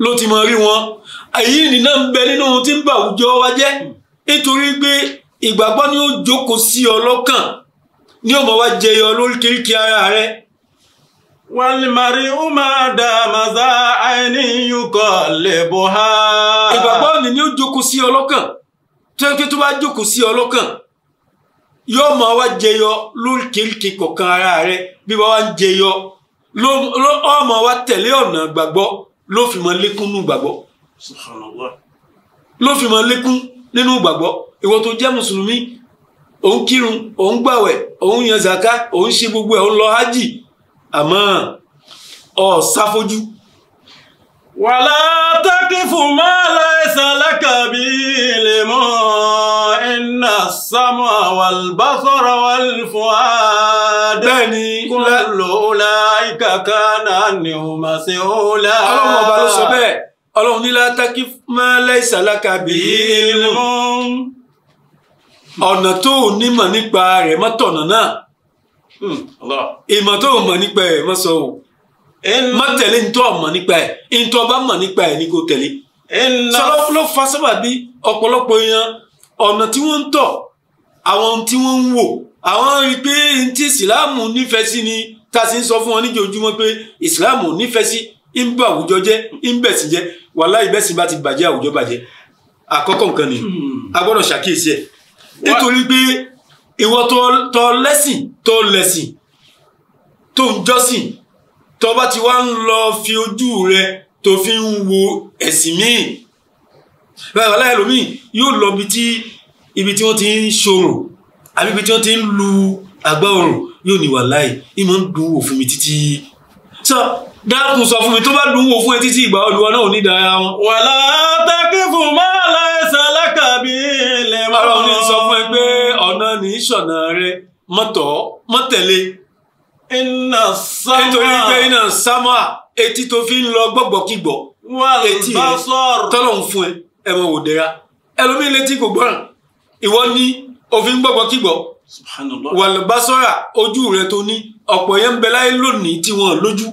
ló ti mọ rí wọn èyí nìna ń bẹ nínú ohun tí ń bà àwùjọ wa jẹ́ nítorí pé ìgbàgbọ́ ni ó jókòó sí ọ lọ́kàn ní ọmọ wa jẹyọ lóríkèéríkèé ara rẹ wàlìmárì umada maza àìní yukọ lẹbọ ha. ìgbàgbọ́ ni ni ó jókòó sí ọ lọ́kàn tó yẹ kí tó bá jókòó sí ọ lọ́kàn yóò máa wá jẹyọ lóríkèéríkèé kọ̀ọ̀kan ara rẹ bí wọ́n wá ń jẹyọ ló ọ́ máa wá tẹ̀lé ọ̀nà gbàgbọ́ ló fi máa lékún nínú gbàgbọ́ ló fi máa lékún nínú gbàgbọ́ ìwọ tó jẹ́ mùsùlùmí òun kírun òun gbàwẹ̀ òun yan zaka òun ṣe gbogbo ẹ̀ òun lọ hajj àmọ́ ọ̀ sáfojú wàlá takifu máa láìsà lákàbí lè mọ́ iná sámọ́ wàlbásọ́rọ̀ wàlfọ́ àdáni kúlò ọ̀la ìkàkà náà ni ó máa ṣe ọ̀la. ọlọ́run ọba ló sọ bẹ́ẹ̀ ọlọ́run ní látàkì máa láìsà lákàbí lè mọ́ ọ̀nà tó o nímọ̀ nípa rẹ̀ mọ́tọ̀nà náà hmm, ìmọ̀ tó o mọ̀ nípa ẹ̀ mọ́ sọ o má tẹ̀lé ntọ́ ọmọ nípa ẹ̀ ntọ́ ọba mọ̀ nípa ẹ̀ ní kò tẹ̀lé. sọlá ló fa sábàbí ọ̀pọ̀lọpọ̀ èèyàn ọ̀nà tí wọ́n ń tọ̀ àwọn tí wọ́n ń wò àwọn rí i pé ntí ìsìláàmù nífẹ̀ẹ́ sí ni tá a sì ń sọ fún wọn níjojúmọ́ pé ìsìláàmù nífẹ̀ẹ́ sí ń bá àwùjọ jẹ́ ń bẹ̀ sí jẹ́ wàláhì bẹ́ẹ̀ sì bá ti bàjẹ́ àwùjọ bàjẹ́ àkọ́kọ́ nǹkan ni a gbọ́dọ̀ ṣàkíyèsí ẹ̀ nítorí pé ìwọ tó lẹ́sìn tó lẹ́sìn tó ń jọ́sìn tó bá ti wá ń lọ fi ojú rẹ tó fi ń wo ẹ̀sìn míì báyìí wàhálà ẹlòmíì yóò lọ ibi tí wọ́n ti ń ṣòro àbí ibi tí wọ́n ti ń lu àgbá ọrùn yóò ní wàláì ìmọ̀ ń dùn wò fún mi títí sọ dákun sọ fún mi tó bá dùn wò fún ẹ títí ìgbà olùwọ náà ò ní ìdára wọn. wàlá tẹ́kí fún mọ́lá ẹ̀sán alákàbí ilẹ̀ mọ́. ọlọ́run sọ fún ẹ pé ọ̀nà ní ìṣọ̀nà rẹ mọ́tọ̀ mọ́tẹ̀lé iná sámà nítorí pé iná sámà etí tó fi ń lọ gbọ́gbọ́kígbọ́ etí rẹ tọ́lọ̀ ń fún ẹ ẹ mọ wò dẹ́ra ẹlòmíín létí kò gbọ́ràn ìwọ ní òfin gbọ́gbọ́kígbọ́ wàlúbásọ́ra ojú rẹ tó ní ọ̀pọ̀ yẹn ń bẹ láyé lónìí tí wọ́n lójú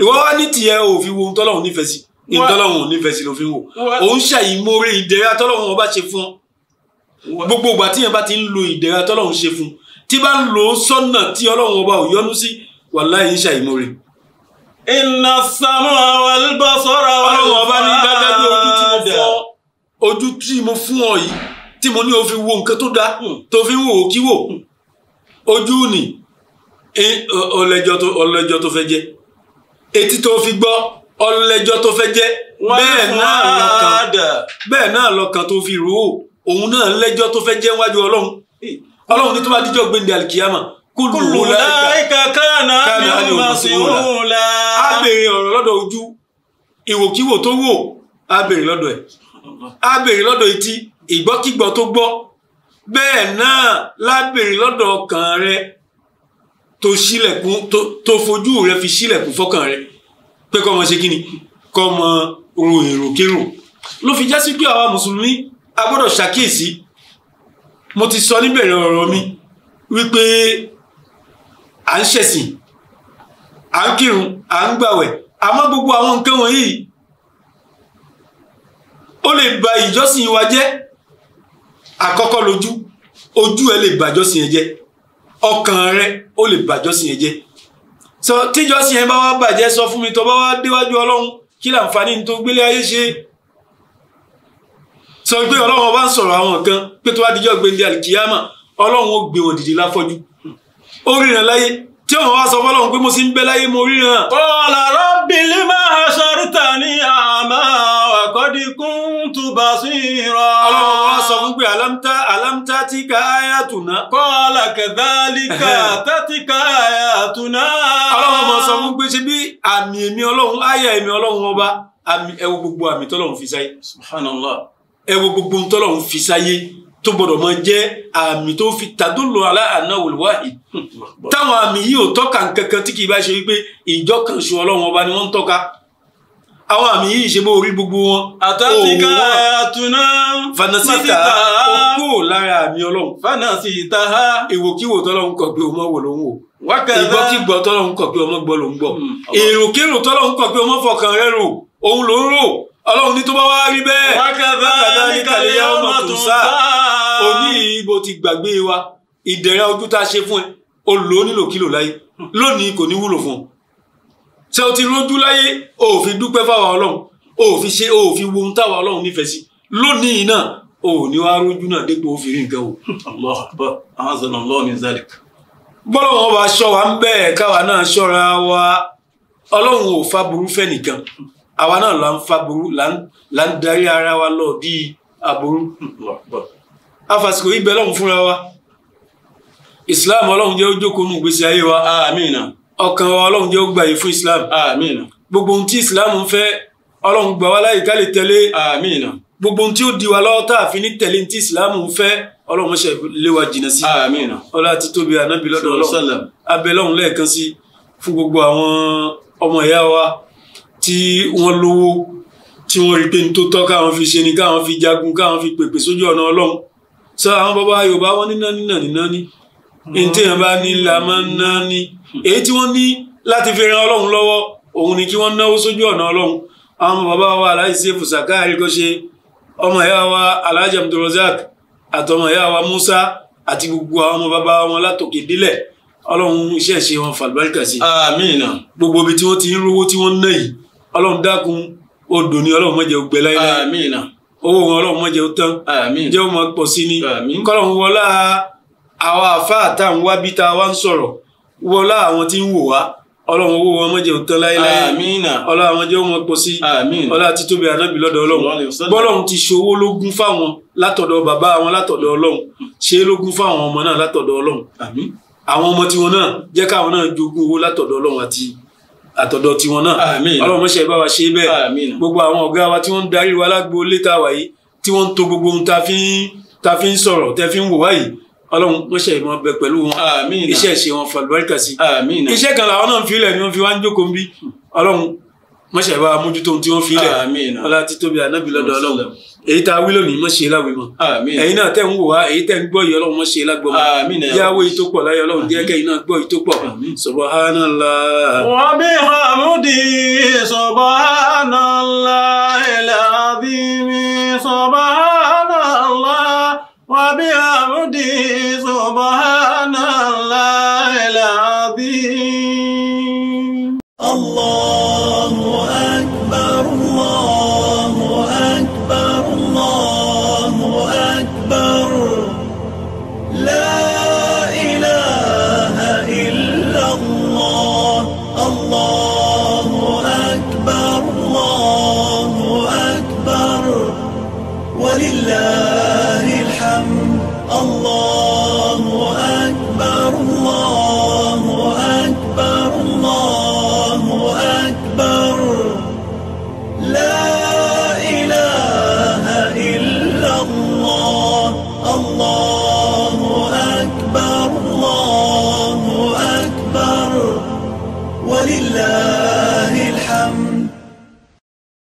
ìwọ wá ní tìyẹ òfin wo tọ́lọ́hún nífẹ̀ẹ́ sí ìtọ́lọ́hún nífẹ̀ẹ́ sí lófin wo òun ṣàyìnmórè ìdẹ̀ra tọ́lọ́hún ọba ṣe fún ọ gbogbo ìgbà tíyẹn bá ti ń lo ìdẹ̀ra tọ́lọ́hún ṣe fún tí bá ń lò ó sọ́nà tí ọlọ́run ọba ò yọ́nú sí wàláhì ṣàìmọ̀re. iná sàmọ́ àwọn alùbọ́sọ̀rọ̀ àwọn ọlọ́run ọba ní dájájú ojú tí mo fọ́ ojú tí mo fún ọ yìí tí mo ní o fi wo nǹkan tó da hmm. tó fi ń wò ó kí wò hmm. ojú ni ọlẹ́jọ́ tó fẹ́ jẹ́ etí tó fi gbọ́ ọlẹ́jọ́ tó fẹ́ jẹ́ bẹ́ẹ̀ náà lọ́kàn bẹ́ẹ̀ náà lọ́kàn tó fi rò ó òun náà lẹ́jọ́ tó fẹ́ jẹ́ wájú ọlọ́run ọlọ́run ní tó bá díjọ́ gbẹ̀ndẹ̀ alikiyama kúlù láìka kánà ní màsíwò la. a béèrè ọ̀rọ̀ lọ́dọ̀ ojú ìwòkíwò tó wò a béèrè lọ́dọ̀ ẹ̀ a béèrè lọ́dọ̀ etí ìgbọ́kígbọ́ tó gbọ́ bẹ́ẹ̀ náà la béèrè lọ́dọ̀ ọkàn rẹ tó ṣílẹ̀kùn tó fojú rẹ fi ṣílẹ̀kùn fọkàn rẹ pé kọ́ ọmọ ṣe kí ni kọ́ ọmọ ohun èrò kérò ló fi jásí pé àwa mùsùlùmí a gbọ́dọ̀ ṣàkíyèsí mo ti sọ níbẹ̀rẹ̀ ọ̀rọ̀ mi wípé à ń ṣẹ̀sìn à ń kírun à ń gbàwẹ̀ àmọ́ gbogbo àwọn nǹkan wọ̀nyí ó lè ba ìjọsìn wa jẹ́ àkọ́kọ́ lójú ojú ẹ lè bàjọ́sìn ẹ jẹ́ ọkàn rẹ ó lè bàjọ́sìn ẹ jẹ́ tíjọ́sìn ẹ bá wá bàjẹ́ sọ fún mi tó bá wá déwájú ọlọ́run kí làǹfààní tó gbélé ayé ṣe sọ pé ọlọ́run ọba ń sọ̀rọ̀ àwọn kan pé tó bá dijọ́ gbẹ̀ndé alikiyama ọlọ́run ó gbé wọn dìde láfọ́jú ó ríran láyé tí wọn wá sọ fọlọ́run pé mo sì ń bẹ láyé mo ríran. qala rabbi lima hashartani a'ma wa qad kuntu basira. ọlọ́run wá sọ fún pé alámtá alámtá tí ká ayatuna. qala kadhalika tátíkà ayatuna. ọlọ́run mọ̀ sọ fún pé ṣe bí àmì èmi ọlọ́run áyà èmi ọlọ́run ọba àmì gbogbo àmì tọ́lọ́run fi sáyé. subhanallah ẹ wo gbogbo ń tọ́lọ̀ ń fi sáyé tó gbọdọ̀ mọ jẹ́ àmì tó fi tàdúlò aláàánà wòlúwàhì táwọn àmì yìí ò tọ́ka nkankan tí kì í bá ṣe wípé ìjọ kan ṣù ọlọ́run ọba ni wọ́n ń tọ́ka àwọn àmì yìí ṣe bó orí gbogbo wọn. àtàtìkà àtúná fanasita okó lára àmì ọlọ́run. fanasita ìwòkíwò tọ́lọ́run kọ̀ ọmọ wò ló ń wò. wákàtí ìgbọ́kígbọ́ ọmọ gbọ́ ló ń gbọ́. Hmm. èròkérò tọ́lọ́run kọ̀ ọmọ fọkàn rẹ̀ rò òun ló ń rò ọlọ́run ní tó bá wá rí bẹ́ẹ̀ lákàtà ní kàlẹ́yà ọmọ tó sá òní ibo ti gbàgbé wa ìdẹ̀ra ojú tá a ṣe fún ẹ o lò ó nílòkulò láyé lónìí kò ní wúlò fún ọ ṣé o ti rójú láyé o ò fi dúpẹ́ fáwa ọlọ́run o ò fi ṣe o ò fi wo ohun táwa ọlọ́run nífẹ̀ẹ́ sí lónìí náà o ò ní wá rójú náà dépò ó fi nǹkan o. Allah min zalik. bọ́lá wọn bá ṣọ́ wa ń bẹ́ẹ̀ káwa náà ṣọ́ra wa ọlọ́run ò fa burú fẹ́ nìkan àwa náà là ń fa burú là ń darí ara wa lọ bí aburú afasiko yìí bẹ lọ́hùn fúnra wa islam ọlọ́hun jẹ́ ó jókòó nù gbèsè ayé wa amina ọkàn wa ọlọ́hun jẹ́ ó gbàyè fún islam amina gbogbo ohun tí islam ń fẹ́ ọlọ́hun gbà wá láyè ká lè tẹ̀lé amina gbogbo ohun tí ó di wa lọ́wọ́ tá a fi ní tẹ̀lé tí islam ń fẹ́ ọlọ́hun ṣe lé wa jìnnà sí amina ọlá ti tóbi ànábì lọ́dọ̀ ọlọ́hun abẹ́ lọ́hùn lẹ́ẹ̀kan sí fún gbogbo àwọn ọmọ ìyá wa tí wọ́n lówó tí wọ́n rí pé ní tó tọ́ káwọn fi ṣe ni káwọn fi jagun káwọn fi pèpè sójú ọ̀nà ọlọ́run sọ àwọn bàbá yorùbá wọn níná níná níná ní ntẹ̀yàn bá ní la máa ń ná ní èyí tí wọ́n ní láti fi ran ọlọ́run lọ́wọ́ òun ni kí wọ́n náwó sójú ọ̀nà ọlọ́run àwọn bàbá wa aláì ṣe fùsàkà àríkọ́ṣe ọmọ ìyá wa alhaji abdulrozak àtọmọ ìyá wa musa àti gbogbo àwọn ọmọ bàbá wọn látòkè délẹ̀ ọlọ́run iṣẹ́ ṣe wọn fàlùbáríkà sí. àmín gbogbo ibi tí wọ́n ti ń rówó tí wọ́n ń ná yìí ọlọ́run dákun odò ni ọlọ́run má jẹ́ ó gbẹ láíláí owó wọn ọlọ́run má jẹ́ ó tán jẹ́ ó máa pọ̀ sí ni nkọ́lọ́run wọlá àwọn àfáà tá à ń wá bí tá a wá ń sọ̀rọ̀ wọlá àwọn tí ń wò wá ọlọ́run owó wọn má jẹ́ ó tán láíláí ọlọ́run àwọn jẹ́ ó máa pọ̀ sí ọlá àti tóbi ànábì lọ́dọ̀ ọlọ́run bọ́lọ́run ti ṣòwò lógún fáwọn látọ̀dọ̀ bàbá wọn látọ̀dọ̀ ọlọ́run ṣe lógún fáwọn ọmọ náà látọ̀dọ̀ ọlọ́run àwọn ọmọ tiwọn náà jẹ́ káwọn náà jogún owó látọ̀dọ̀ ọlọ́run àti àtọ̀dọ̀ tiwọn náà ọlọ́run mọ̀ṣẹ́ bá wa ṣe bẹ́ẹ̀ gbogbo àwọn ọ̀gá wa tí wọ́n ń darí wa lágbo létà wa yìí tí wọ́n ń to gbogbo ohun ta fi ń sọ̀rọ̀ tẹ́ fi ń wò wáyìí ọlọ́run mọ̀ṣẹ́ ìmọ̀ bẹ pẹ̀lú wọn iṣẹ́ ìṣe wọn fàlùbáríkà sí iṣẹ́ kan làwọn náà fi ilẹ̀ ni wọ́n fi wá ń jókòó ń bí ọlọ́run mọ̀ṣẹ́ bá wa mójútó ohun tí wọ́n fi ilẹ̀ ọlá títóbi ànábì èyí tá a wí lónìí mọ̀ ṣe láwìí mọ̀ ẹ̀yin náà tẹ̀ ń wò wá èyí tẹ̀ ń gbọ́ yìí ọlọ́run mọ̀ ṣe lágbọ́ mọ̀ yàwó yìí tó pọ̀ láyé ọlọ́run díẹ̀ kẹ́yìn náà gbọ́ yìí tó pọ̀ subhanallah. wa bihamdi subhanallah al-azim subhanallah wa bihamdi subhanallah al-azim. Allahu akbar.